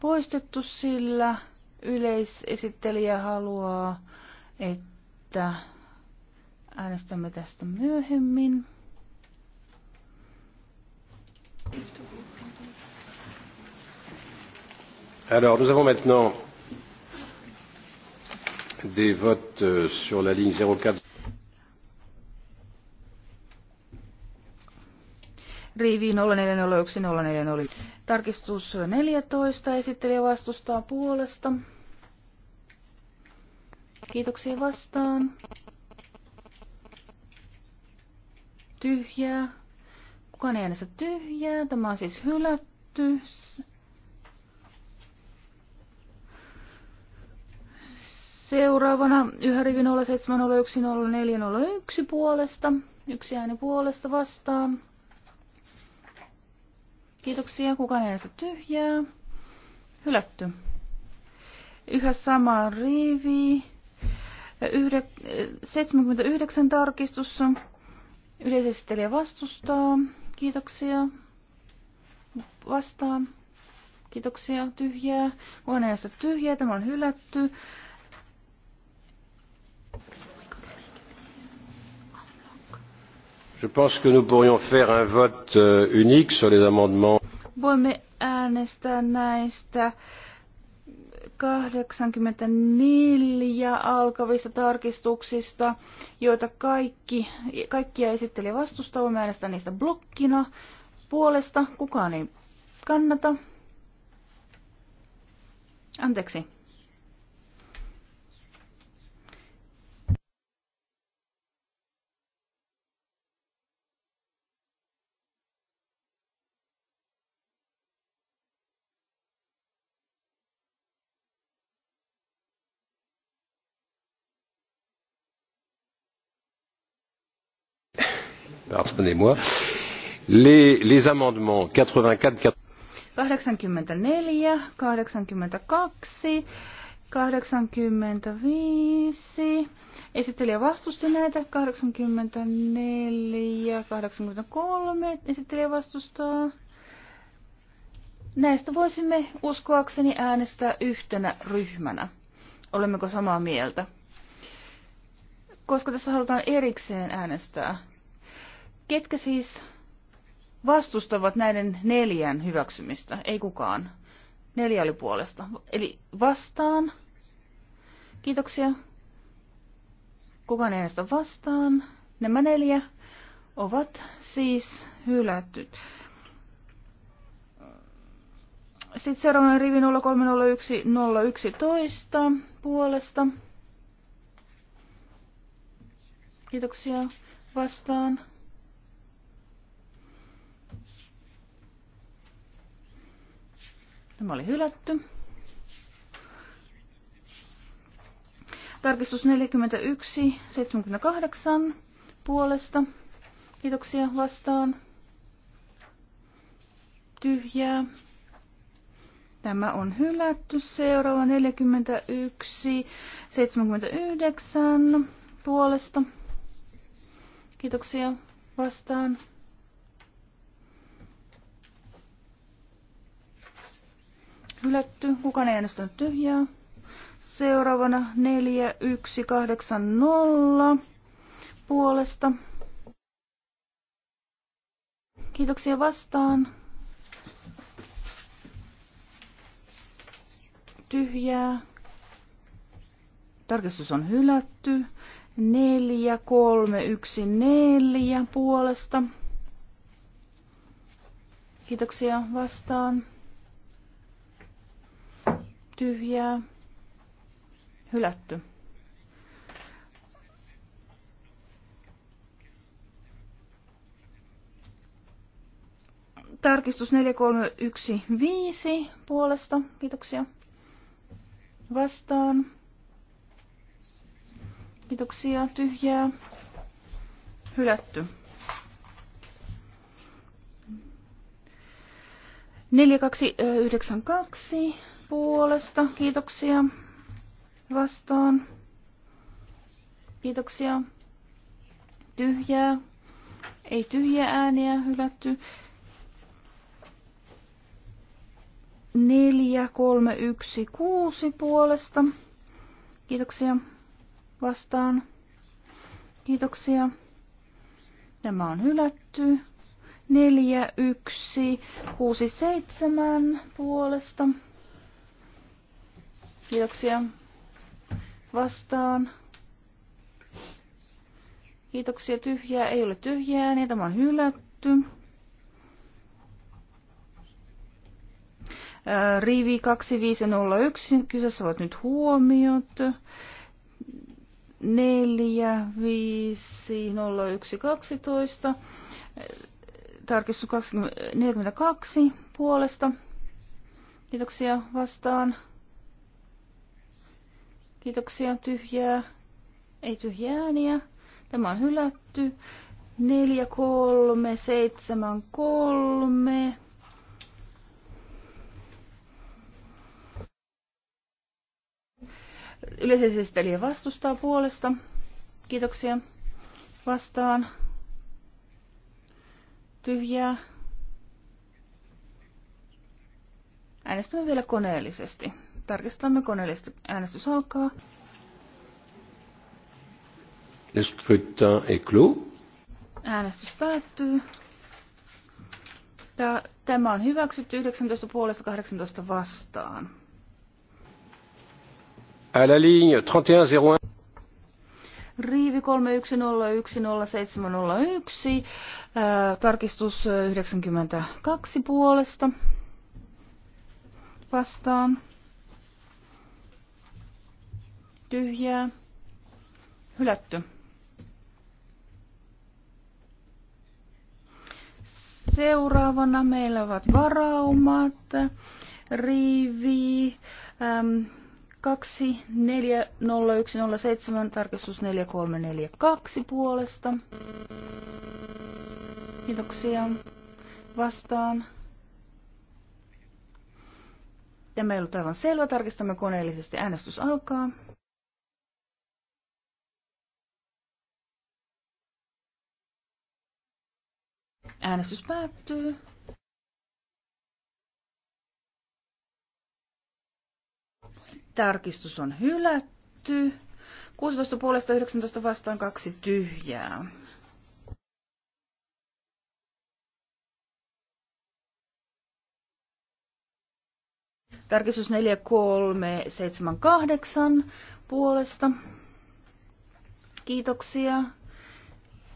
poistettu, sillä yleisesittelijä haluaa, että äänestämme tästä myöhemmin. Alors, nous avons maintenant des votes euh, sur la ligne 04. riiviin 0401040. Tarkistus 14 esittelijä vastustaa puolesta. Kiitoksia vastaan. Tyhjää. Kukaan ei äänestä tyhjää. Tämä on siis hylätty. Seuraavana yhä rivi 07010401 puolesta. Yksi ääni puolesta vastaan. Kiitoksia. Kukaan ei tyhjää. Hylätty. Yhä sama riivi. Yhde, 79 tarkistus. Yleisesittelijä vastustaa. Kiitoksia. Vastaan. Kiitoksia. Tyhjää. Kukaan ei tyhjää. Tämä on hylätty. je pense que nous pourrions faire un vote euh, unique sur les amendements Voimme äänestää näistä 84 alkavista tarkistuksista, joita kaikki, kaikkia esitteli vastusta. Voimme äänestää niistä blokkina puolesta. Kukaan ei kannata. Anteeksi, pardonnez-moi. Les, les amendements 84, 84, 82, 85, esittelijä vastusti näitä, 84, 83, esittelijä vastustaa. Näistä voisimme uskoakseni äänestää yhtenä ryhmänä. Olemmeko samaa mieltä? Koska tässä halutaan erikseen äänestää Ketkä siis vastustavat näiden neljän hyväksymistä? Ei kukaan. Neljä oli puolesta. Eli vastaan. Kiitoksia. Kukaan ei äänestä vastaan. Nämä neljä ovat siis hylätty. Sitten seuraava rivi 0301011 puolesta. Kiitoksia vastaan. Tämä oli hylätty. Tarkistus 41, 78 puolesta. Kiitoksia vastaan. Tyhjää. Tämä on hylätty. Seuraava 41, 79 puolesta. Kiitoksia vastaan. Hylätty. Kukaan ei äänestänyt tyhjää. Seuraavana 4180 puolesta. Kiitoksia vastaan. Tyhjää. Tarkistus on hylätty. 4, 3, 1, 4 puolesta. Kiitoksia vastaan tyhjää, hylätty. Tarkistus 4315 puolesta. Kiitoksia. Vastaan. Kiitoksia. Tyhjää. Hylätty. 4292 puolesta. Kiitoksia. Vastaan. Kiitoksia. Tyhjää. Ei tyhjä ääniä hylätty. 4, 3, 1, 6 puolesta. Kiitoksia. Vastaan. Kiitoksia. Tämä on hylätty. 4, 1, 6, 7 puolesta. Kiitoksia. Vastaan. Kiitoksia. Tyhjää ei ole tyhjää, niin tämä on hylätty. Rivi 2501, kyseessä ovat nyt huomiot. 4, 5, 0, 1, 12. Tarkistus 42 puolesta. Kiitoksia vastaan. Kiitoksia. Tyhjää. Ei tyhjää ääniä. Tämä on hylätty. 4, 3, 7, 3. Yleisesittelijä vastustaa puolesta. Kiitoksia. Vastaan. Tyhjää. Äänestämme vielä koneellisesti. Tarkistamme koneellisesti. Äänestys alkaa. Le scrutin est clos. Äänestys päättyy. Tämä on hyväksytty 19 puolesta 18 vastaan. À la ligne 3101. Riivi 3101071, tarkistus 92 puolesta vastaan tyhjää, hylätty. Seuraavana meillä ovat varaumat, riivi, äm, 240107 tarkistus 4342 puolesta. Kiitoksia. Vastaan. Tämä ei ollut aivan selvä. Tarkistamme koneellisesti. Äänestys alkaa. Äänestys päättyy. Tarkistus on hylätty. 16 puolesta 19 vastaan kaksi tyhjää. Tarkistus 4, 3, 7, 8 puolesta. Kiitoksia.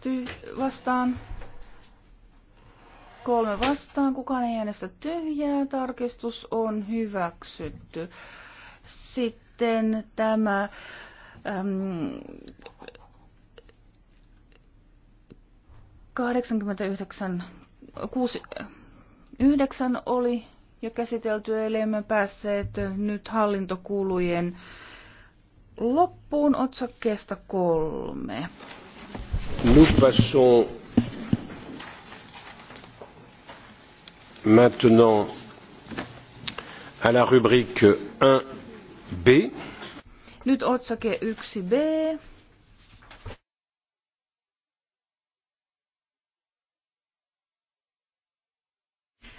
Ty- vastaan Kolme vastaan, kukaan ei äänestä tyhjää, tarkistus on hyväksytty. Sitten tämä äm, 89, 6, 9 oli jo käsitelty, eli emme päässeet nyt hallintokulujen loppuun otsakkeesta kolme. Nous passons maintenant à la rubrique 1B. Nyt otsake 1B.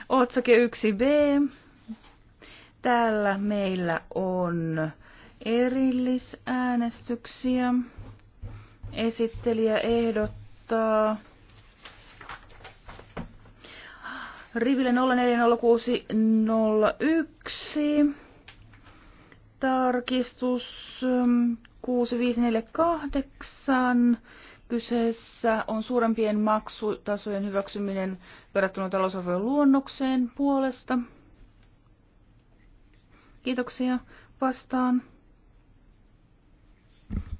Otsake 1B. Täällä meillä on erillisäänestyksiä. Esittelijä ehdottaa riville 040601. Tarkistus 6548. Mm, Kyseessä on suurempien maksutasojen hyväksyminen verrattuna talousarvion luonnokseen puolesta. Kiitoksia. Vastaan.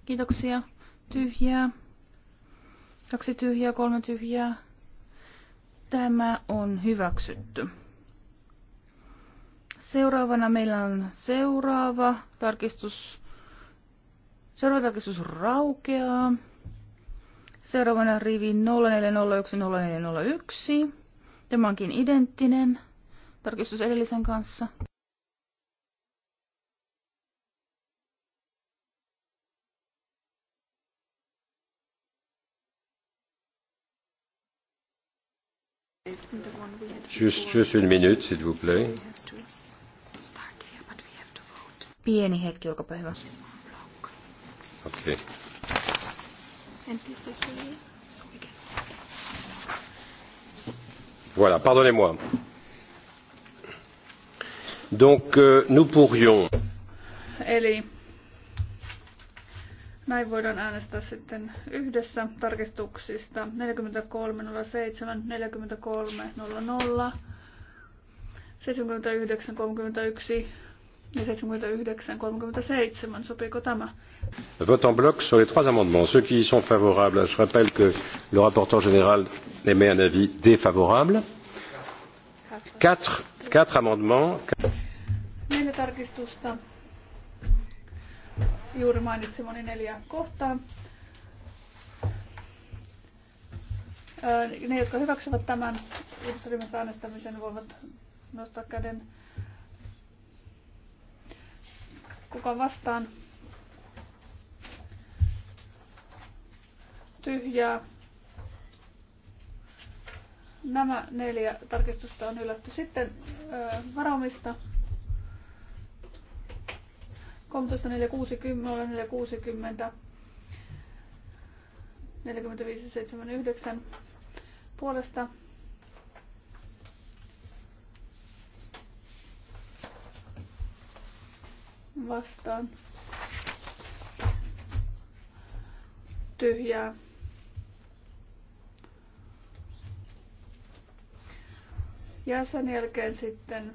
Kiitoksia. Tyhjää. Kaksi tyhjää, kolme tyhjää. Tämä on hyväksytty. Seuraavana meillä on seuraava tarkistus. Seuraava tarkistus raukeaa. Seuraavana rivi 0401. Tämä onkin identtinen tarkistus edellisen kanssa. Just, just one minute, s'il vous plaît. Pieni hetki, olkaapa hyvä. Okei. Voilà, pardonnez-moi. Donc, euh, nous pourrions. Eli näin voidaan äänestää sitten yhdessä tarkistuksista 4307, 4300, ja 79.37. Sopiiko tämä? Vote en bloc sur les trois amendements. Ceux qui y sont favorables, je rappelle que le rapporteur général émet un avis défavorable. Quatre, quatre amendements. Neljä tarkistusta juuri mainitsemani neljä kohtaa. Ne, jotka hyväksyvät tämän ihmisryhmästä äänestämisen, voivat nostaa käden. Kuka vastaan? Tyhjää. Nämä neljä tarkistusta on ylätty. Sitten varaumista. 13, 4, 60, 4, 60, puolesta. Vastaan. Tyhjää. Ja sen jälkeen sitten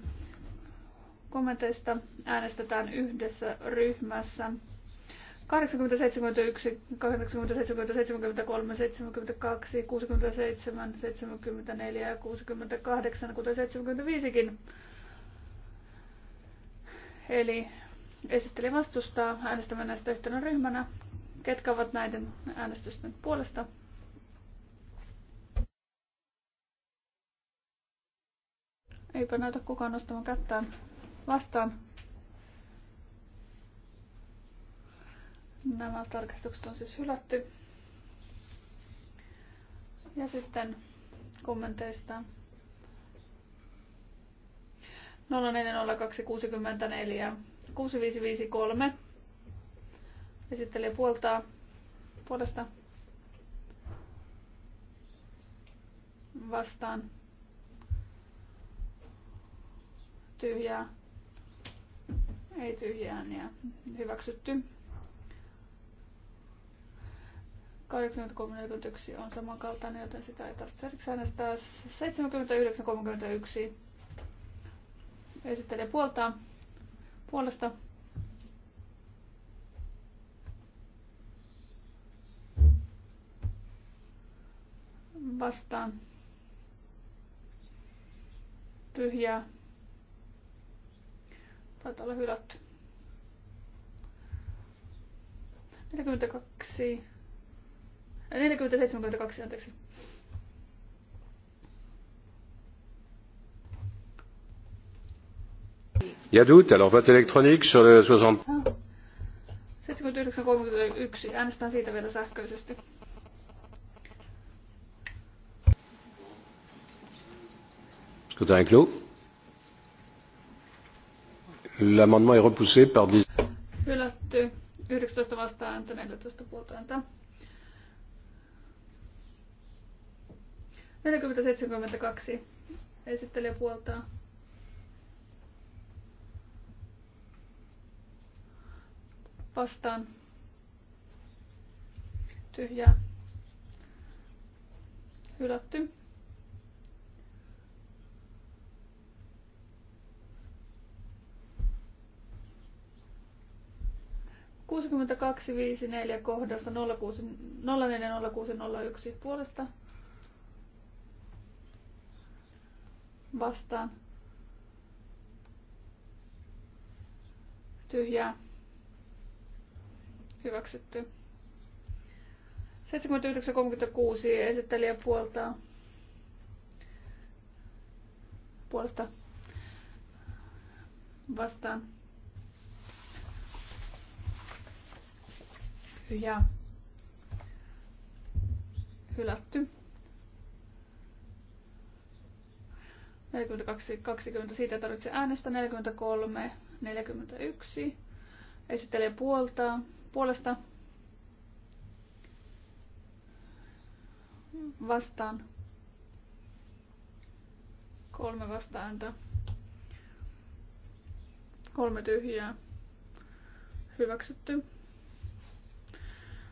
kommenteista äänestetään yhdessä ryhmässä. 80, 71, 80, 70, 73, 72, 67, 74 ja 68, kuten 75kin. Eli esitteli vastustaa äänestämään näistä yhtenä ryhmänä. Ketkä ovat näiden äänestysten puolesta? Eipä näytä kukaan nostamaan kättään vastaan. Nämä tarkistukset on siis hylätty. Ja sitten kommenteista. 040264 6553 esittelee puoltaa puolesta vastaan tyhjää ei tyhjään ja hyväksytty. 8341 on samankaltainen, joten sitä ei tarvitse erikseen äänestää. 7931 esittelee puolta puolesta. Vastaan. Tyhjää. Taitaa olla hylätty. 42. 40 äh, anteeksi. Il doute, alors vote électronique sur le 60. 79.31. Ah. Äänestän siitä vielä sähköisesti. Scrutin clos. L'amendement est repoussé par 10. Hylätty. 19 vastaan ääntä, 14 puolta ääntä. 40-72 esittelee puoltaan. Vastaan. Tyhjää. Hylätty. 6254 kohdassa 040601 puolesta vastaan. Tyhjää. Hyväksytty. 7936 esittelijä puoltaa puolesta vastaan tyhjää hylätty. 42, 20, siitä ei tarvitse äänestää. 43, 41. Esittelee puolta, puolesta vastaan. Kolme vastaääntä. Kolme tyhjää. Hyväksytty.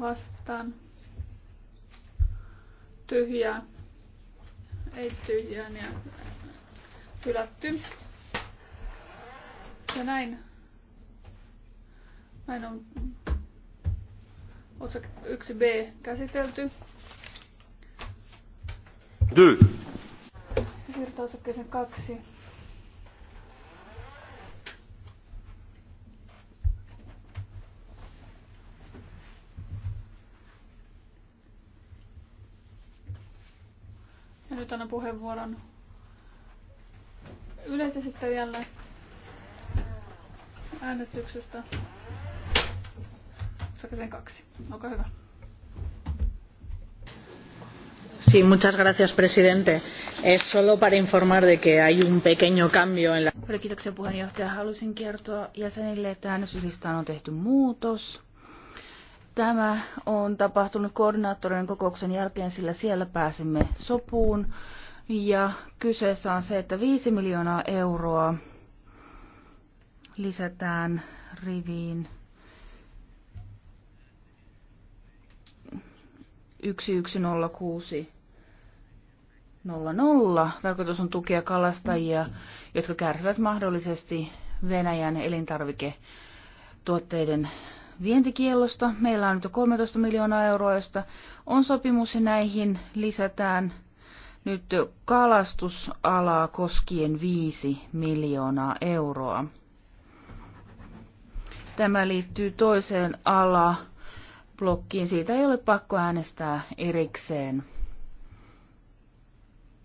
vastaan. Tyhjää. Ei tyhjää. Ja niin hylätty. Ja näin. Näin on osa 1b käsitelty. 2. Siirtää osakkeeseen kaksi. nyt annan puheenvuoron yleisesittelijälle äänestyksestä. Saka sen kaksi. Olkaa hyvä. Sí, muchas gracias, presidente. Es solo para informar de que hay un pequeño cambio en la... Kiitoksia puheenjohtaja. Halusin kertoa jäsenille, että äänestyslistaan on tehty muutos. Tämä on tapahtunut koordinaattorien kokouksen jälkeen, sillä siellä pääsimme sopuun. Ja kyseessä on se, että 5 miljoonaa euroa lisätään riviin 1106 Tarkoitus on tukea kalastajia, jotka kärsivät mahdollisesti Venäjän elintarviketuotteiden vientikiellosta. Meillä on nyt 13 miljoonaa euroa, josta on sopimus ja näihin lisätään nyt kalastusalaa koskien 5 miljoonaa euroa. Tämä liittyy toiseen ala blokkiin. Siitä ei ole pakko äänestää erikseen.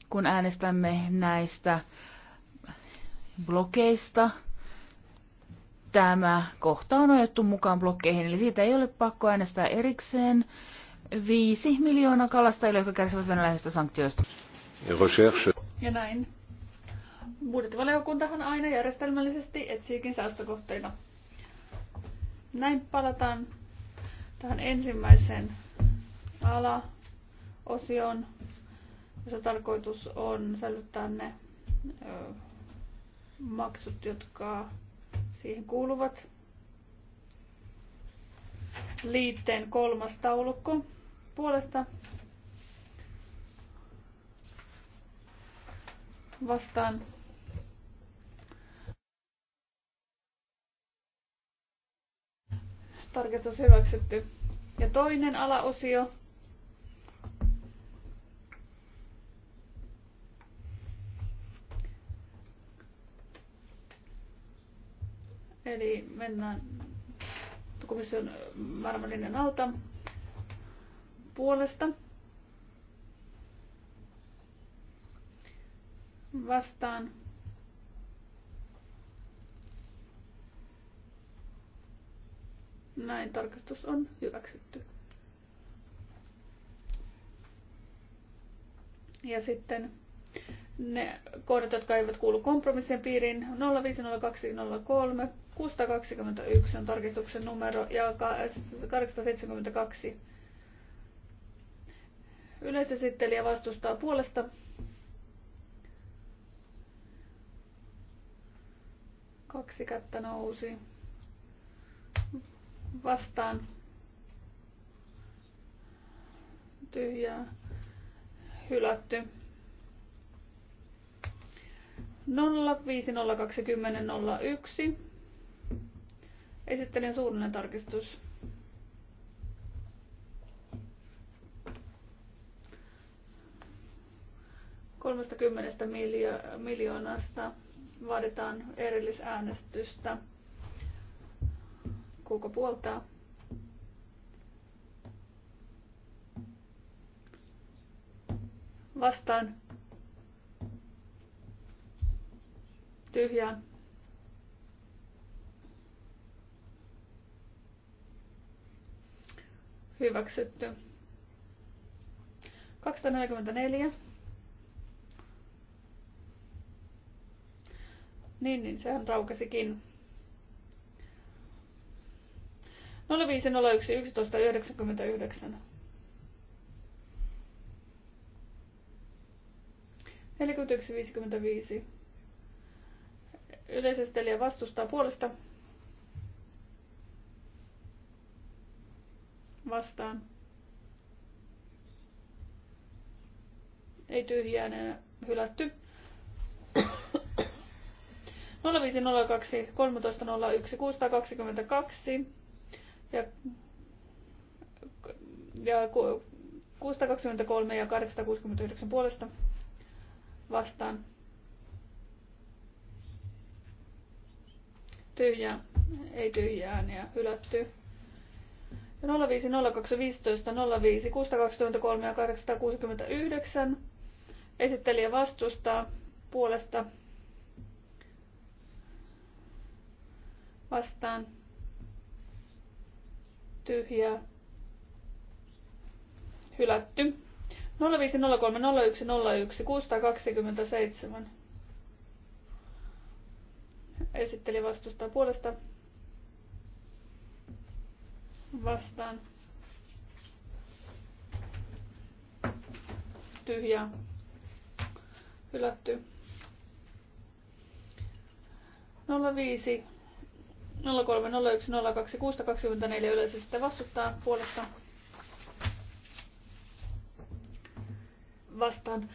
Kun äänestämme näistä blokeista, tämä kohta on otettu mukaan blokkeihin, eli siitä ei ole pakko äänestää erikseen. Viisi miljoonaa kalastajille, jotka kärsivät venäläisistä sanktioista. Ja näin. Budjettivaliokuntahan aina järjestelmällisesti etsiikin säästökohteita. Näin palataan tähän ensimmäiseen alaosioon, jossa tarkoitus on säilyttää ne maksut, jotka siihen kuuluvat liitteen kolmas taulukko puolesta vastaan tarkistus hyväksytty. Ja toinen alaosio Eli mennään komission varmalinen alta puolesta. Vastaan. Näin tarkastus on hyväksytty. Ja sitten ne kohdat, jotka eivät kuulu kompromissien piiriin 050203 621 on tarkistuksen numero ja 872. Yleisesittelijä vastustaa puolesta. Kaksi kättä nousi. Vastaan. Tyhjää. Hylätty. 05021001. Esittelen suullinen tarkistus. Kolmesta kymmenestä miljoonasta vaaditaan erillisäänestystä. Kuka puoltaa? Vastaan. Tyhjää. Hyväksytty. 244. Niin, niin sehän raukesikin. 0501 1199. 41.55. Yleisestelijä vastustaa puolesta vastaan. Ei tyhjää enää hylätty. 0502 1301 622 ja, ja 623 ja 869 puolesta vastaan. Tyhjää, ei tyhjää ja hylätty. 050215, 05623 ja 869. Esittelijä vastustaa puolesta vastaan tyhjä hylätty. 0503010627. Esitteli vastustaa puolesta vastaan. Tyhjää. Hylätty. 05 03 01 02 yleensä sitten vastustaa puolesta vastaan.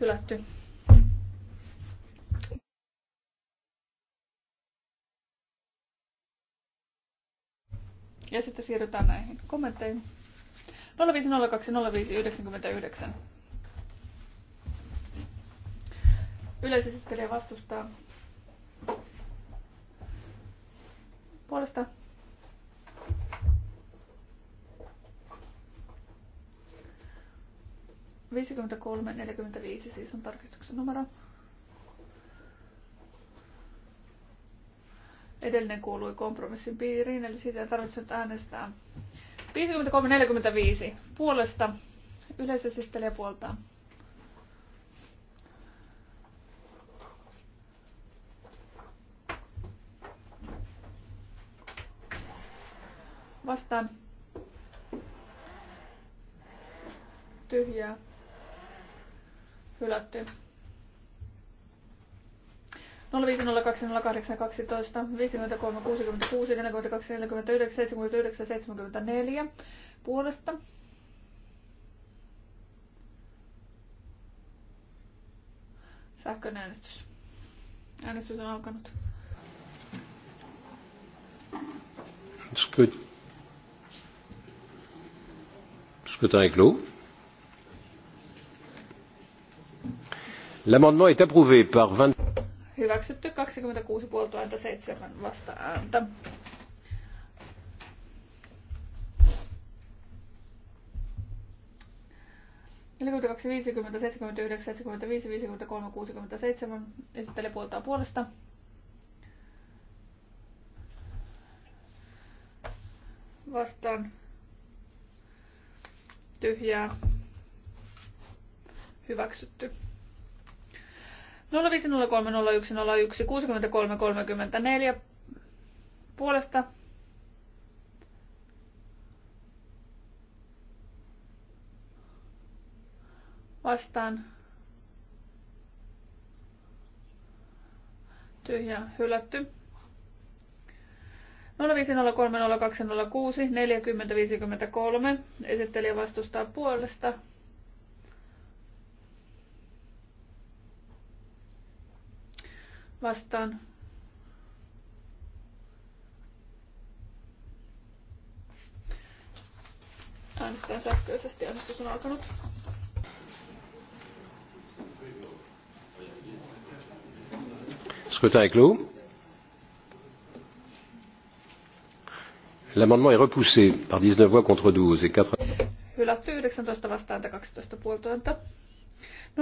Hylätty. Ja sitten siirrytään näihin kommentteihin. 0502-0599. Yleisesittelijä vastustaa puolesta. neljäkymmentä viisi, siis on tarkistuksen numero. Edellinen kuului kompromissin piiriin, eli siitä ei tarvitse nyt äänestää. 53.45 puolesta yleisesittelijä puoltaan. Vastaan. Tyhjää. Hylätty puolesta. Sähköinen äänestys. Äänestys on alkanut. Scrutin est clos. L'amendement est approuvé par 20 Hyväksytty 26,5 puolta ääntä 7 vasta ääntä. Neljäkymmentäkaksi, viisikymmentä, seitsemänkymmentäyhdeksän, seitsemänkymmentäviisi, viisikymmentäkolme, kuusikymmentäseitsemän. Esittelee puoltaa puolesta. Vastaan. Tyhjää. Hyväksytty. 0503016334 puolesta vastaan tyhjä hylätty 0503026 4053 esittelijä vastustaa puolesta vastaan. Äänestetään sähköisesti. Äänestys on alkanut. Scrutin est clos. L'amendement est repoussé par 19 voix contre 12 et 4. Hylätty 19 vastaan 12 puolta. 05030244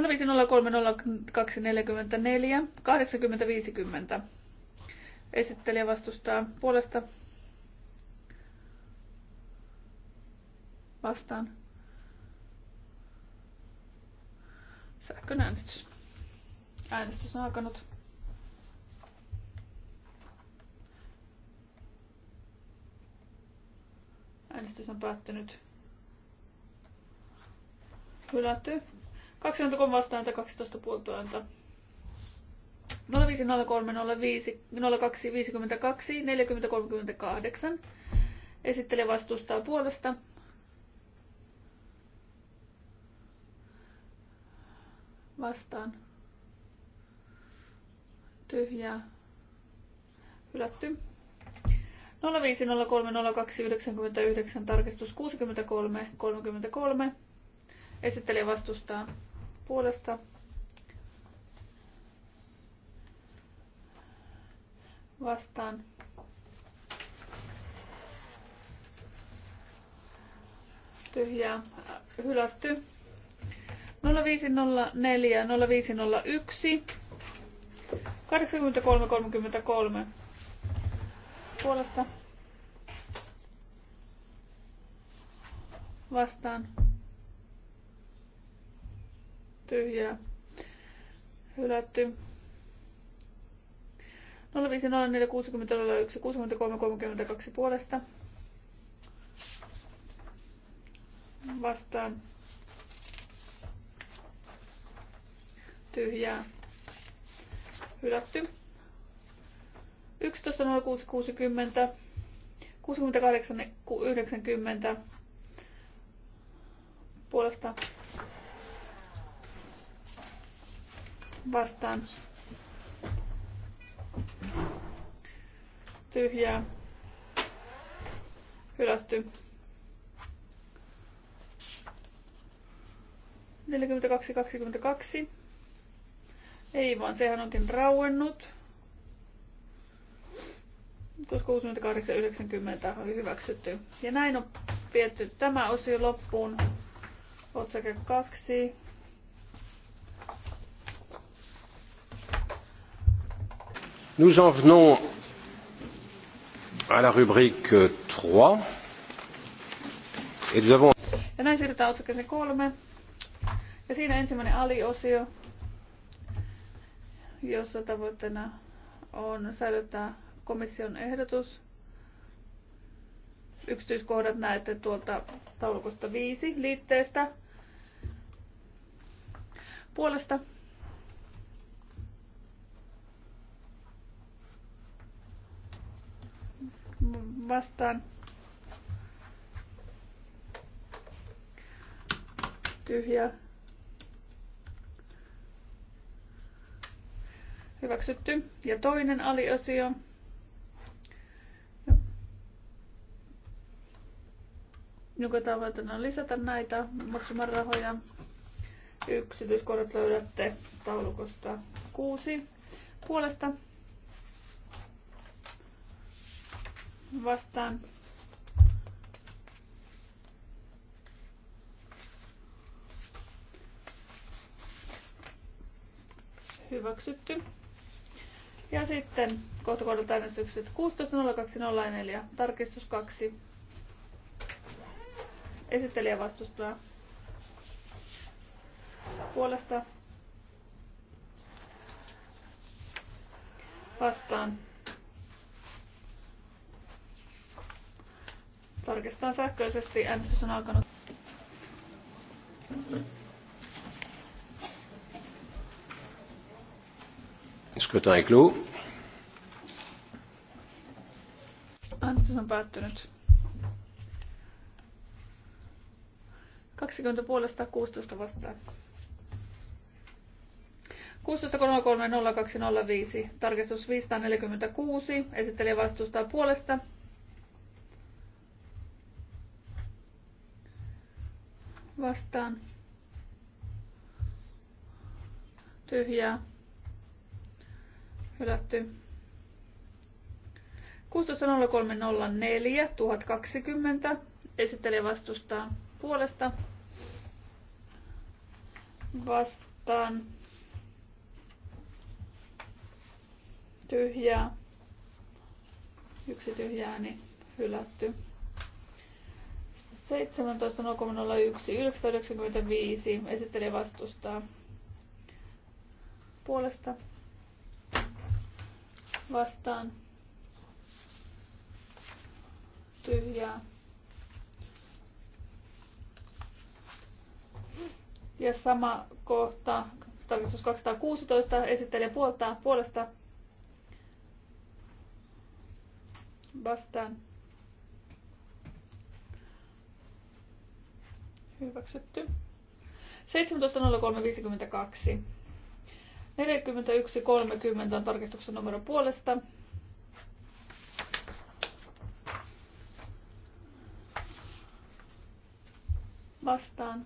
8050. Esittelijä vastustaa puolesta. Vastaan. Sähkön äänestys. Äänestys on alkanut. Äänestys on päättynyt. Hylätty. 23 vastaanta, 12 puoltoanta. 0503 02 52 40 38. vastustaa puolesta. Vastaan. Tyhjää. Hylätty. 0503 tarkistus 63 33. Esittelijä vastustaa puolesta. Vastaan. Tyhjää. Hylätty. 0504 0501 8333 puolesta vastaan tyhjää hylätty. 05046016332 puolesta vastaan tyhjää hylätty. 11.06.60, 68.90 puolesta vastaan. Tyhjää. Hylätty. 42-22. Ei vaan, sehän onkin rauennut. Koska 68-90 oli hyväksytty. Ja näin on pietty tämä osio loppuun. Otsake 2. nous en venons à la rubrique 3 et nous avons ja näin siirrytään otsakkeeseen kolme. Ja siinä ensimmäinen aliosio, jossa tavoitteena on säilyttää komission ehdotus. Yksityiskohdat näette tuolta taulukosta 5 liitteestä puolesta vastaan. Tyhjä. Hyväksytty. Ja toinen aliosio. Joka tavoitteena on lisätä näitä maksumarahoja. Yksityiskohdat löydätte taulukosta 6 puolesta vastaan. Hyväksytty. Ja sitten kohtakohdat äänestykset 16.02.04, tarkistus 2. Esittelijä vastustaa puolesta vastaan. Tarkistetaan sähköisesti. Äänestys on alkanut. Scrutin est clos. Äänestys on päättynyt. 20 puolesta 16 vastaan. 16.33.0205. Tarkistus 546. Esittelijä vastustaa puolesta. vastaan. Tyhjää. Hylätty. 16.03.04 1020 esittelijä vastustaa puolesta vastaan tyhjää yksi tyhjää niin hylätty 17.01.1995 995. vastustaa. Puolesta. Vastaan. Tyhjää. Ja sama kohta, tarkistus 216, esittelee puolta puolesta vastaan Hyväksytty. 17.03.52. 41.30 on tarkistuksen numero puolesta. Vastaan.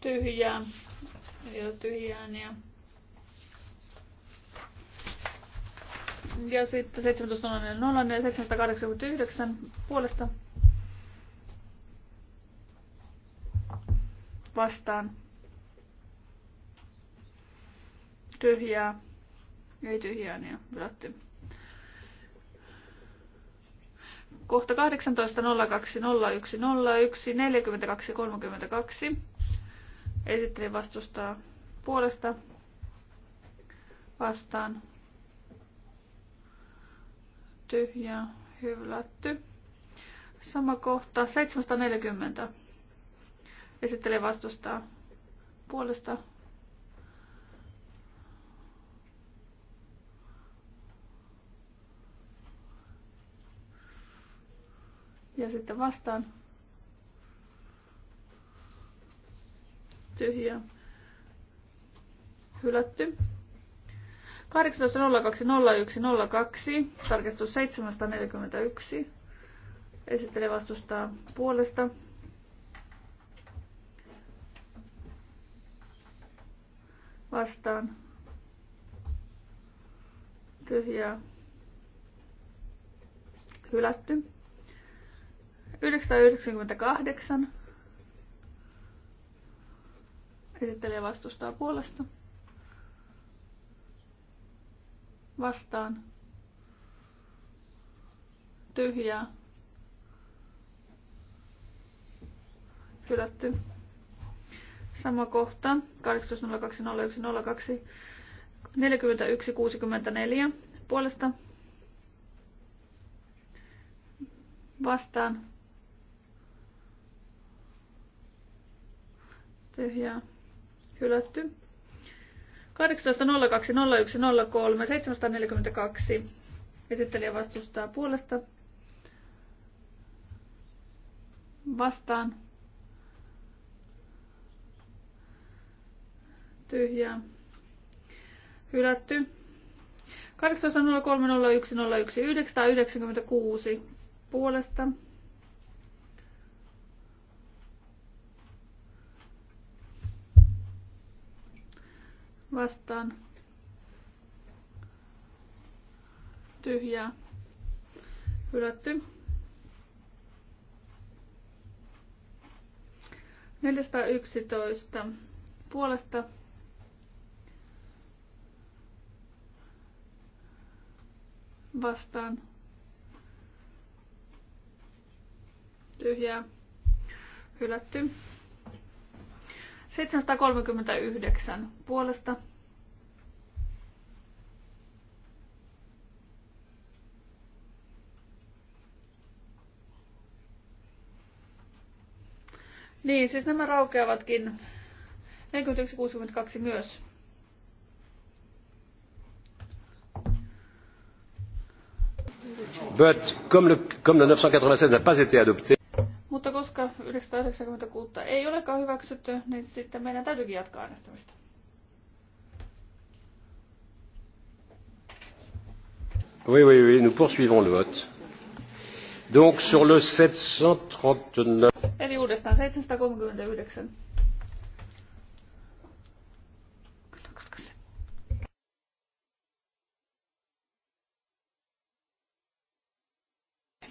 Tyhjää. Ei ole tyhjään niin ja ja sitten 17.00 ja 789 puolesta vastaan. Tyhjää. Ei tyhjää, niin pelätty. Kohta 18.02.01.01.42.32. Esittelin vastustaa puolesta vastaan. Tyhjää, hylätty. Sama kohta 740 Esittelee vastustaa puolesta. Ja sitten vastaan. Tyhjä. Hylätty. 18.02.01.02. Tarkistus 741. Esittelee vastustaa puolesta. vastaan tyhjää hylätty. 998 esittelijä vastustaa puolesta vastaan tyhjää hylätty. Sama kohta, 18.02.01.02, 41.64 puolesta vastaan. Tyhjää. Hylätty. 18.02.01.03.742 Esittelijä vastustaa puolesta. Vastaan. tyhjää, hylätty. 18.03.01.01.996 puolesta. Vastaan. Tyhjää. Hylätty. 411 puolesta vastaan. Tyhjää. Hylätty. 739 puolesta. Niin, siis nämä raukeavatkin 41.62 myös. But, comme le, comme le 987 n'a pas été adopté, mutta koska 996 ei olekaan hyväksytty, niin sitten meidän täytyykin jatkaa äänestämistä. Oui, oui, oui, nous poursuivons le vote. Donc sur le 739. Eli uudestaan 739.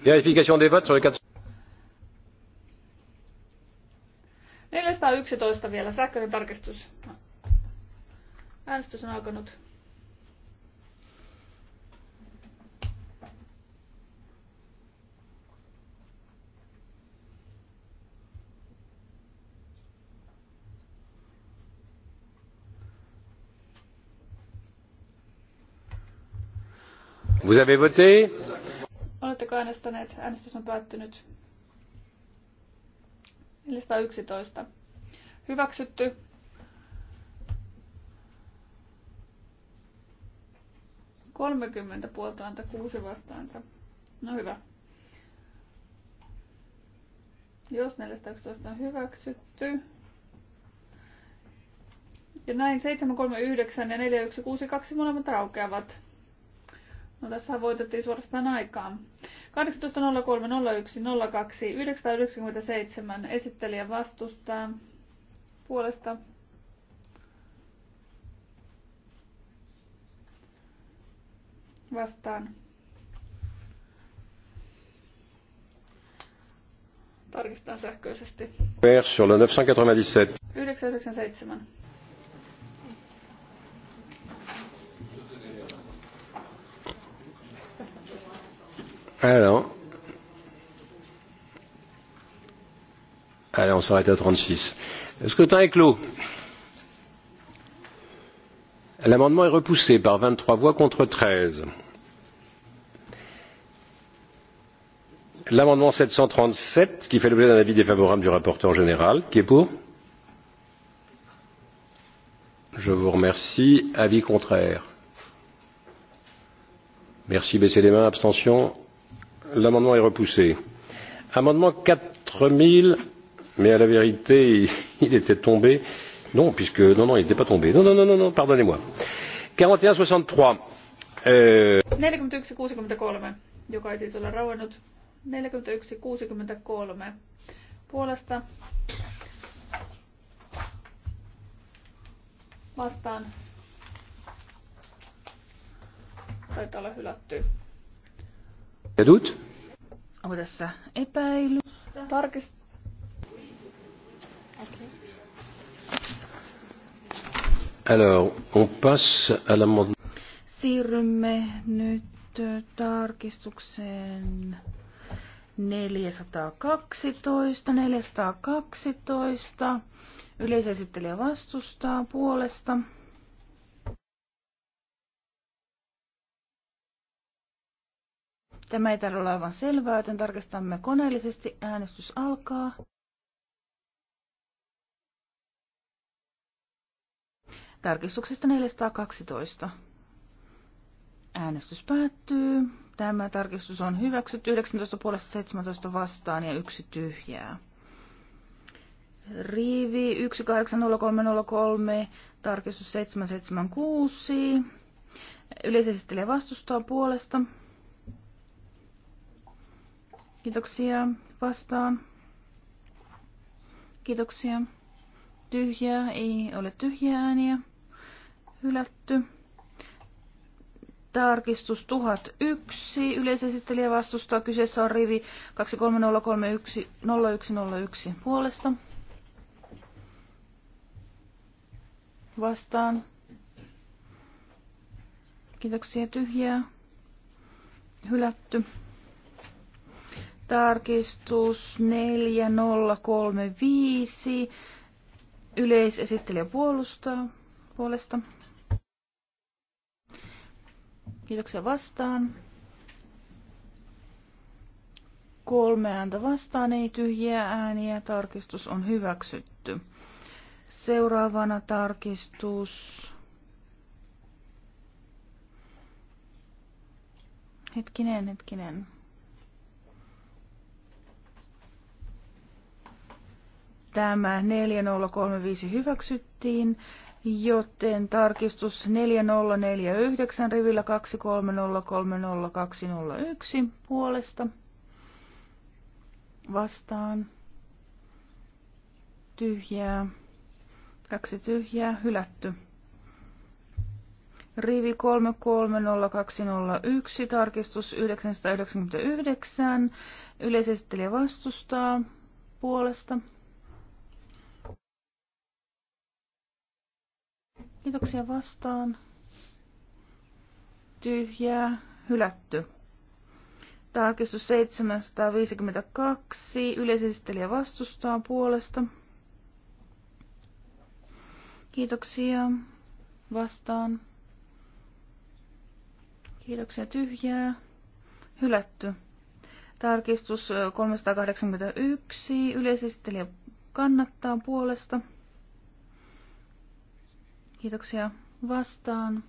Vérification des votes sur le 411 vielä sähköinen tarkistus. Äänestys on alkanut. Vous avez voté? Oletteko äänestäneet? Äänestys on päättynyt. 411. Hyväksytty. Kolmekymmentä puolta anta kuusi vastaan. No hyvä. Jos 411 on hyväksytty. Ja näin 739 ja 4162 molemmat raukeavat. No tässä voitettiin suorastaan aikaa. 18.03.01.02.997 esittelijä vastustaa puolesta. Vastaan. Tarkistan sähköisesti. Sur le 997. 997. Alors, allez, on s'arrête à 36. Le scrutin est clos. L'amendement est repoussé par 23 voix contre 13. L'amendement 737, qui fait l'objet d'un avis défavorable du rapporteur général, qui est pour Je vous remercie. Avis contraire. Merci. Baissez les mains. Abstention l'amendement est repoussé. amendement quatre mille mais à la vérité il était tombé non puisque non non il n'était pas tombé non non non non, pardonnez moi quarante et un soixante trois euh, joka ei siis ole rauennut puolesta vastaan taitaa olla hylätty Edut? Onko tässä epäily? Tarkist... Okay. Alors, on passe à Siirrymme nyt äh, tarkistukseen 412, 412. Yleisesittelijä vastustaa puolesta. Tämä ei tarvitse olla aivan selvää, joten tarkistamme koneellisesti. Äänestys alkaa. Tarkistuksesta 412. Äänestys päättyy. Tämä tarkistus on hyväksytty 19 puolesta 17 vastaan ja yksi tyhjää. Riivi 180303, tarkistus 776. Yleisesittelijä vastustaa puolesta. Kiitoksia. Vastaan. Kiitoksia. Tyhjää. Ei ole tyhjää ääniä. Hylätty. Tarkistus 1001. Yleisesittelijä vastustaa. Kyseessä on rivi 230310101 puolesta. Vastaan. Kiitoksia tyhjää. Hylätty. Tarkistus 4035. Yleisesittelijä puolustaa puolesta. Kiitoksia vastaan. Kolme ääntä vastaan, ei tyhjiä ääniä. Tarkistus on hyväksytty. Seuraavana tarkistus. Hetkinen, hetkinen. tämä 4035 hyväksyttiin, joten tarkistus 4049 rivillä 23030201 puolesta vastaan tyhjää, kaksi tyhjää, hylätty. Rivi 330201, tarkistus 999, yleisesittelijä vastustaa puolesta. Kiitoksia vastaan. Tyhjää, hylätty. Tarkistus 752. Yleisesittelijä vastustaa puolesta. Kiitoksia. Vastaan. Kiitoksia tyhjää. Hylätty. Tarkistus 381. Yleisesittelijä kannattaa puolesta. Kiitoksia vastaan.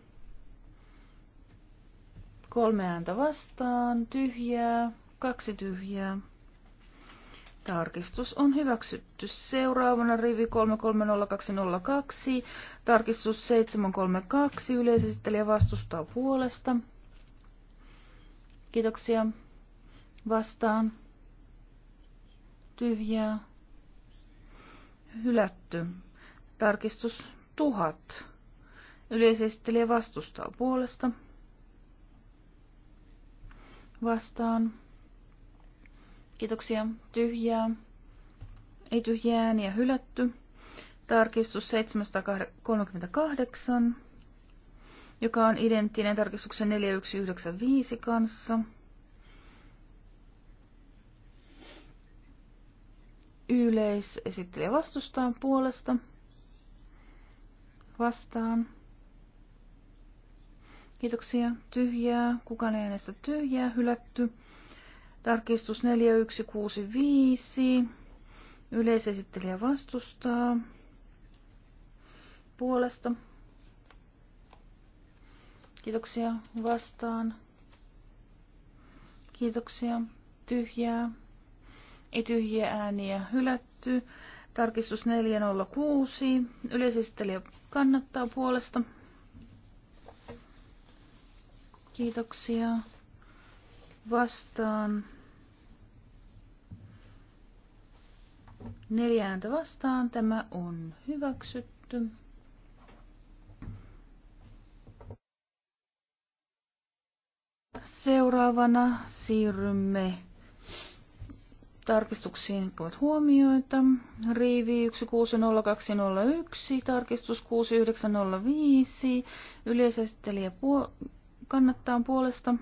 Kolme ääntä vastaan, tyhjää, kaksi tyhjää. Tarkistus on hyväksytty. Seuraavana rivi 330202, tarkistus 732, yleisesittelijä vastustaa puolesta. Kiitoksia. Vastaan. Tyhjää. Hylätty. Tarkistus tuhat. Yleisesittelijä vastustaa puolesta. Vastaan. Kiitoksia. Tyhjää. Ei tyhjää ääniä hylätty. Tarkistus 738, joka on identtinen tarkistuksen 4195 kanssa. Yleisesittelijä vastustaa puolesta vastaan. Kiitoksia. Tyhjää. Kukaan ei äänestä tyhjää. Hylätty. Tarkistus 4165. Yleisesittelijä vastustaa. Puolesta. Kiitoksia. Vastaan. Kiitoksia. Tyhjää. Ei tyhjiä ääniä hylätty. Tarkistus 406. Yleisesittelijä kannattaa puolesta. Kiitoksia. Vastaan. Neljä ääntä vastaan. Tämä on hyväksytty. Seuraavana siirrymme tarkistuksiin ovat huomioita. Riivi 160201, tarkistus 6905, yleisesittelijä puo- kannattaa puolesta.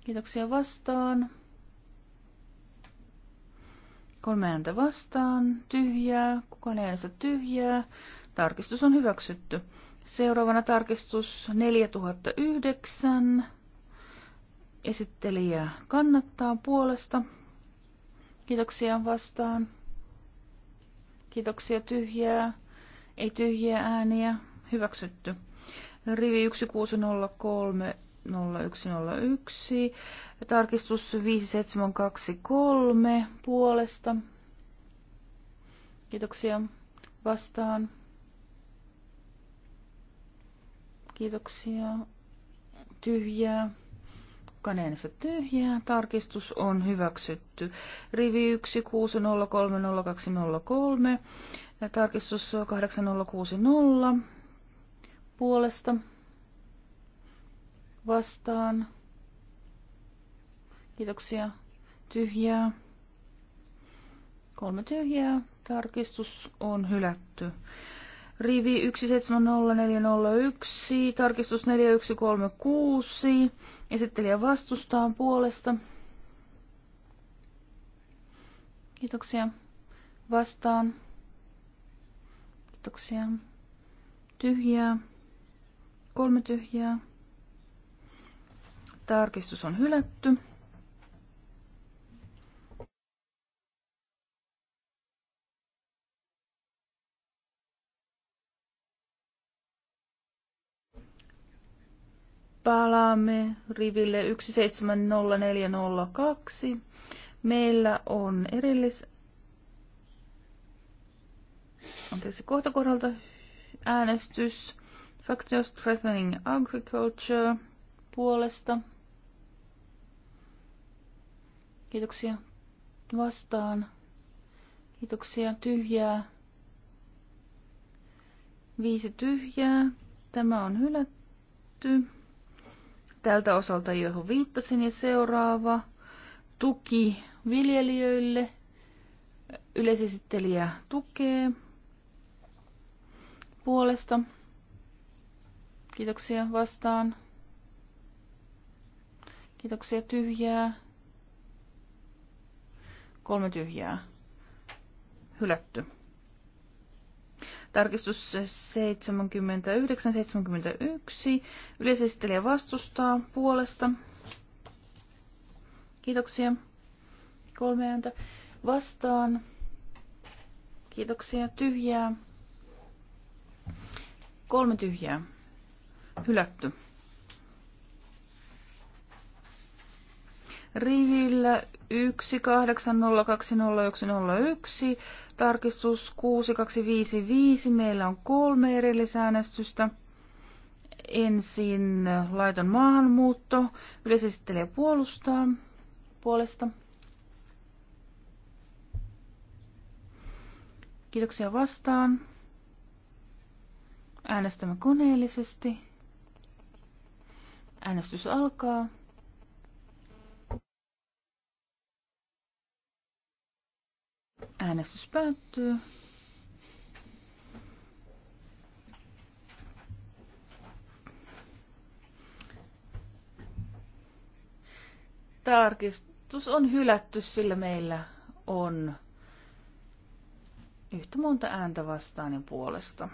Kiitoksia vastaan. Kolme ääntä vastaan, tyhjää, kukaan ei tyhjää. Tarkistus on hyväksytty. Seuraavana tarkistus 4009. Esittelijä kannattaa puolesta. Kiitoksia vastaan. Kiitoksia tyhjää. Ei tyhjiä ääniä. Hyväksytty. Rivi 1603 0101. Tarkistus 5723 puolesta. Kiitoksia vastaan. Kiitoksia. Tyhjää kukaan tyhjää. Tarkistus on hyväksytty. Rivi Ja Tarkistus 8060 puolesta vastaan. Kiitoksia. Tyhjää. Kolme tyhjää. Tarkistus on hylätty rivi 170401, tarkistus 4136, esittelijä vastustaa puolesta. Kiitoksia. Vastaan. Kiitoksia. Tyhjää. Kolme tyhjää. Tarkistus on hylätty. palaamme riville 170402. Meillä on erillis... Anteeksi, kohta kohdalta äänestys Factors Threatening Agriculture puolesta. Kiitoksia vastaan. Kiitoksia tyhjää. Viisi tyhjää. Tämä on hylätty tältä osalta, johon viittasin, ja seuraava tuki viljelijöille. Yleisesittelijä tukee puolesta. Kiitoksia vastaan. Kiitoksia tyhjää. Kolme tyhjää. Hylätty. Tarkistus 79-71. Yleisesittelijä vastustaa puolesta. Kiitoksia. Kolme ääntä vastaan. Kiitoksia. Tyhjää. Kolme tyhjää. Hylätty. Rivillä 180201101 Tarkistus 6255. Meillä on kolme erillisäänestystä. Ensin laiton maahanmuutto. Yleisesittelijä puolustaa puolesta. Kiitoksia vastaan. Äänestämme koneellisesti. Äänestys alkaa. Äänestys päättyy. Tarkistus on hylätty, sillä meillä on yhtä monta ääntä vastaan ja puolesta.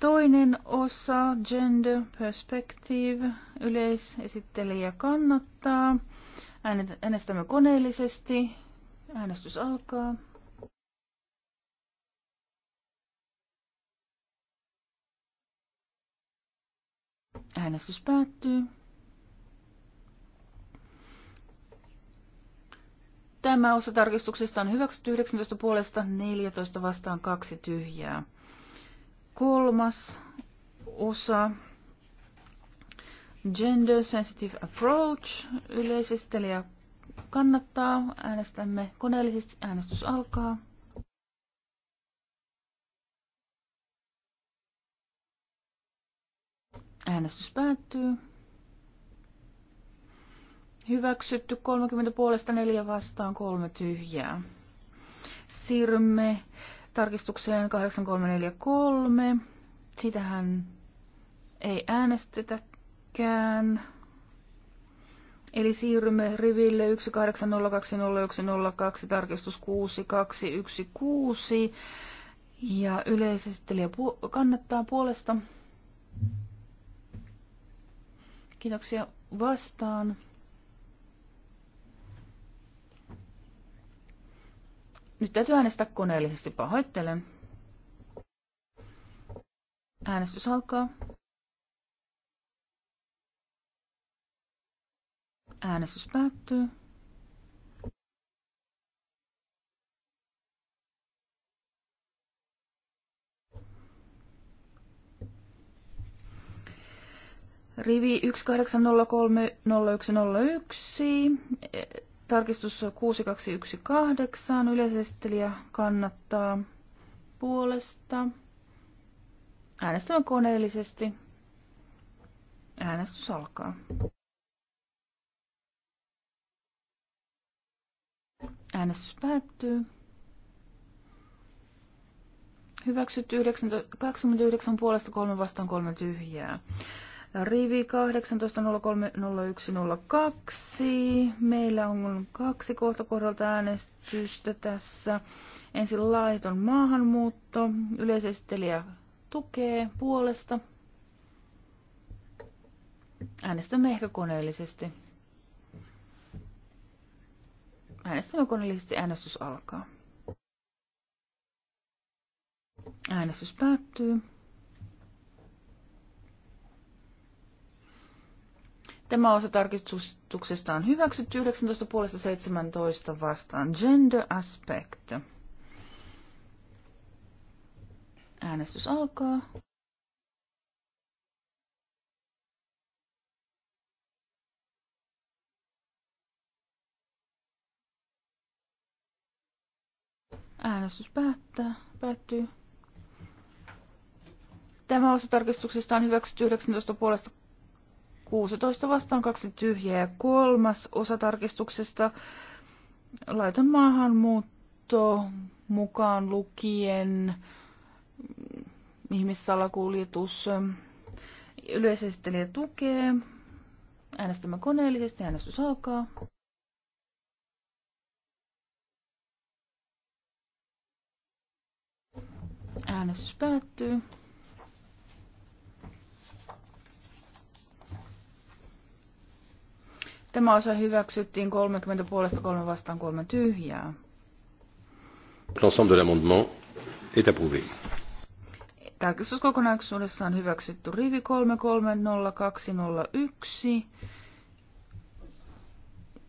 Toinen osa, Gender Perspective, yleisesittelijä kannattaa. Äänestämme koneellisesti. Äänestys alkaa. Äänestys päättyy. Tämä osa tarkistuksesta on hyväksytty 19 puolesta 14 vastaan kaksi tyhjää. Kolmas osa Gender Sensitive Approach ja kannattaa. Äänestämme koneellisesti. Äänestys alkaa. Äänestys päättyy. Hyväksytty 30 puolesta 4 vastaan 3 tyhjää. Siirrymme tarkistukseen 8343. Sitähän ei äänestetäkään. Eli siirrymme riville 1802010 tarkistus 6216 ja yleisesittelijä pu- kannattaa puolesta. Kiitoksia vastaan. Nyt täytyy äänestää koneellisesti, pahoittelen. Äänestys alkaa. Äänestys päättyy. Rivi 1803-0101, tarkistus 6218, yleisestelijä kannattaa puolesta. Äänestämme koneellisesti. Äänestys alkaa. Äänestys päättyy. Hyväksytty 29 puolesta 3 vastaan 3 tyhjää. Rivi 18.03.01.02. Meillä on kaksi kohtakohdalta äänestystä tässä. Ensin laiton maahanmuutto. Yleisesittelijä tukee puolesta. Äänestämme ehkä koneellisesti. Äänestämme koneellisesti. Äänestys alkaa. Äänestys päättyy. Tämä osa tarkistuksesta on hyväksytty 19.17 vastaan. Gender aspect. Äänestys alkaa. Äänestys päättää, päättyy. Tämä osa tarkistuksesta on hyväksytty 19 puolesta 16 vastaan kaksi tyhjää ja kolmas osa tarkistuksesta laiton maahanmuutto mukaan lukien mm, ihmissalakuljetus yleisesittelijä tukee. Äänestämme koneellisesti. Äänestys alkaa. Äänestys päättyy. Tämä osa hyväksyttiin 30 puolesta 3 vastaan 3 tyhjää. L'ensemble de l'amendement est approuvé. Tarkistus kokonaisuudessaan hyväksytty rivi 330201.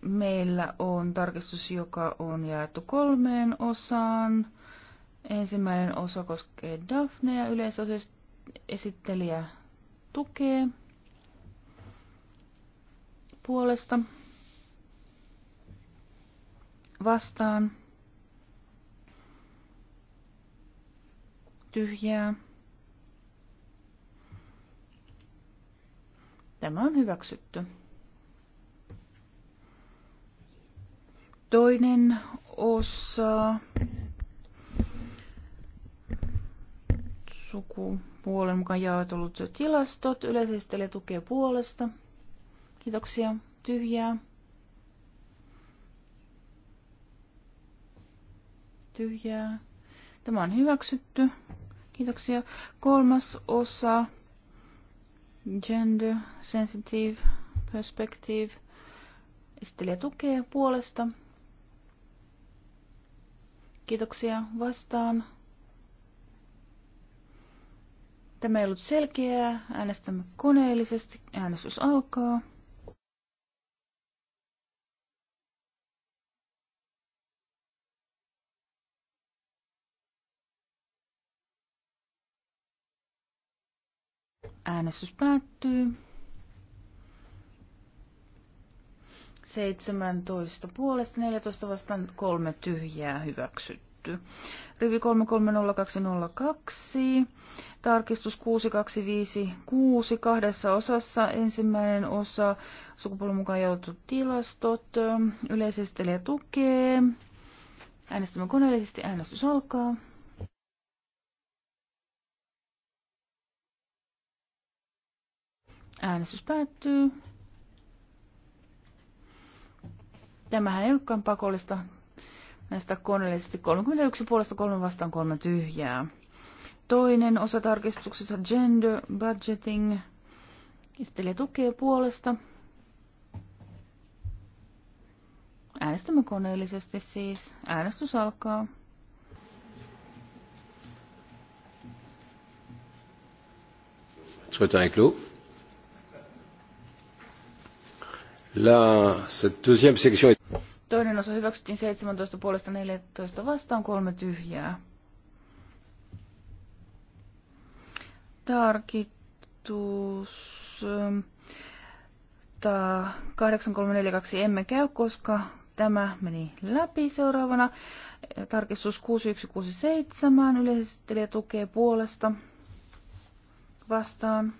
Meillä on tarkistus, joka on jaettu kolmeen osaan. Ensimmäinen osa koskee Daphnea. Yleisesittelijä tukee puolesta vastaan tyhjää. Tämä on hyväksytty. Toinen osa sukupuolen mukaan jaotellut tilastot. Yleisesittelijä tukee puolesta. Kiitoksia. Tyhjää. Tyhjää. Tämä on hyväksytty. Kiitoksia. Kolmas osa. Gender sensitive perspective. Esittelijä tukee puolesta. Kiitoksia vastaan. Tämä ei ollut selkeää. Äänestämme koneellisesti. Äänestys alkaa. Äänestys päättyy. 17 puolesta, 14 vastaan, kolme tyhjää hyväksyt hyväksytty. Rivi 330202, tarkistus 6256, kahdessa osassa. Ensimmäinen osa, sukupuolen mukaan jaotut tilastot, yleisestelijä tukee. Äänestämme koneellisesti, äänestys alkaa. Äänestys päättyy. Tämähän ei olekaan pakollista näistä koneellisesti 31 puolesta 3 vastaan 3 tyhjää. Toinen osa tarkistuksessa gender budgeting. Esittelijä tukee puolesta. Äänestämme koneellisesti siis. Äänestys alkaa. Scrutin clos. La, cette deuxième section est... Toinen osa hyväksyttiin 17 puolesta 14 vastaan, kolme tyhjää. Ähm, ta, 8342 emme käy, koska tämä meni läpi seuraavana. Tarkistus 6167 yleisesti tukee puolesta vastaan.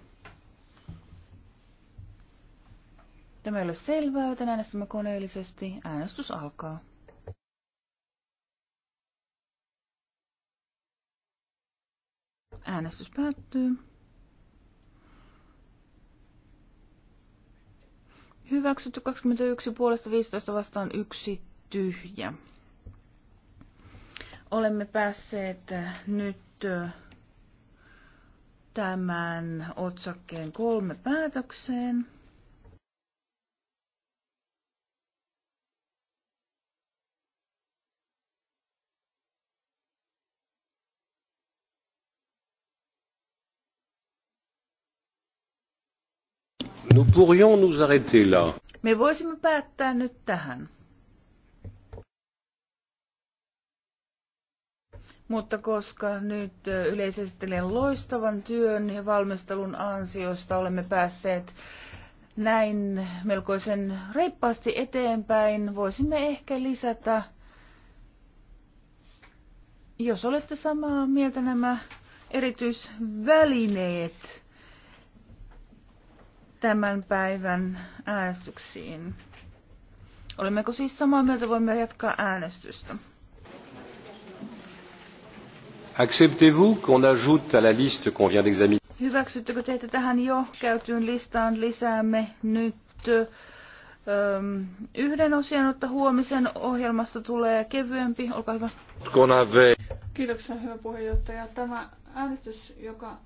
Tämä ei ole selvää, joten äänestämme koneellisesti. Äänestys alkaa. Äänestys päättyy. Hyväksytty 21 puolesta 15 vastaan yksi tyhjä. Olemme päässeet äh, nyt äh, tämän otsakkeen kolme päätökseen. pourrions nous arrêter là. Me voisimme päättää nyt tähän. Mutta koska nyt yleisesittelijän loistavan työn ja valmistelun ansiosta olemme päässeet näin melkoisen reippaasti eteenpäin, voisimme ehkä lisätä, jos olette samaa mieltä, nämä erityisvälineet tämän päivän äänestyksiin. Olemmeko siis samaa mieltä, voimme jatkaa äänestystä? Acceptez-vous qu'on ajoute à la liste qu'on vient d'examiner? Hyväksyttekö te, että tähän jo käytyyn listaan lisäämme nyt um, yhden osian että huomisen ohjelmasta tulee kevyempi? Olkaa hyvä. Kiitoksia, hyvä puheenjohtaja. Tämä äänestys, joka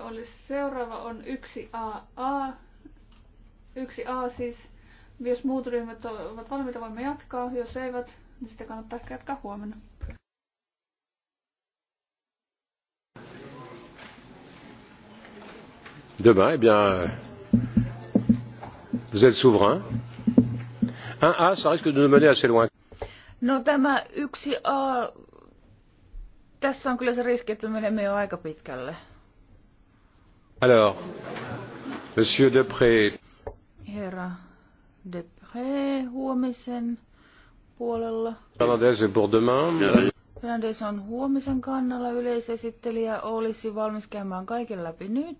olisi, seuraava on 1AA. 1A siis. Jos muut ryhmät ovat valmiita, voimme jatkaa. Jos eivät, niin sitten kannattaa ehkä jatkaa huomenna. Demain, eh bien, vous êtes souverain. 1A, ça risque de nous mener assez loin. No tämä yksi a tässä on kyllä se riski, että menemme jo aika pitkälle. Herra Depré huomisen puolella. Fernandez pour demain. Fernandez on huomisen kannalla. Yleisesittelijä olisi valmis käymään kaiken läpi nyt.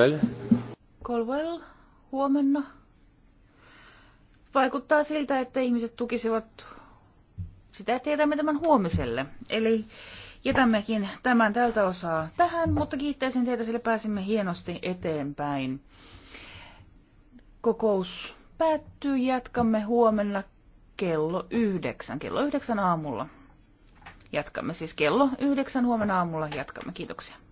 Well. Colwell, huomenna. Vaikuttaa siltä, että ihmiset tukisivat sitä, että tämän huomiselle. Eli Jätämmekin tämän tältä osaa tähän, mutta kiittäisin teitä, sillä pääsimme hienosti eteenpäin. Kokous päättyy, jatkamme huomenna kello yhdeksän, kello yhdeksän aamulla. Jatkamme siis kello yhdeksän huomenna aamulla, jatkamme, kiitoksia.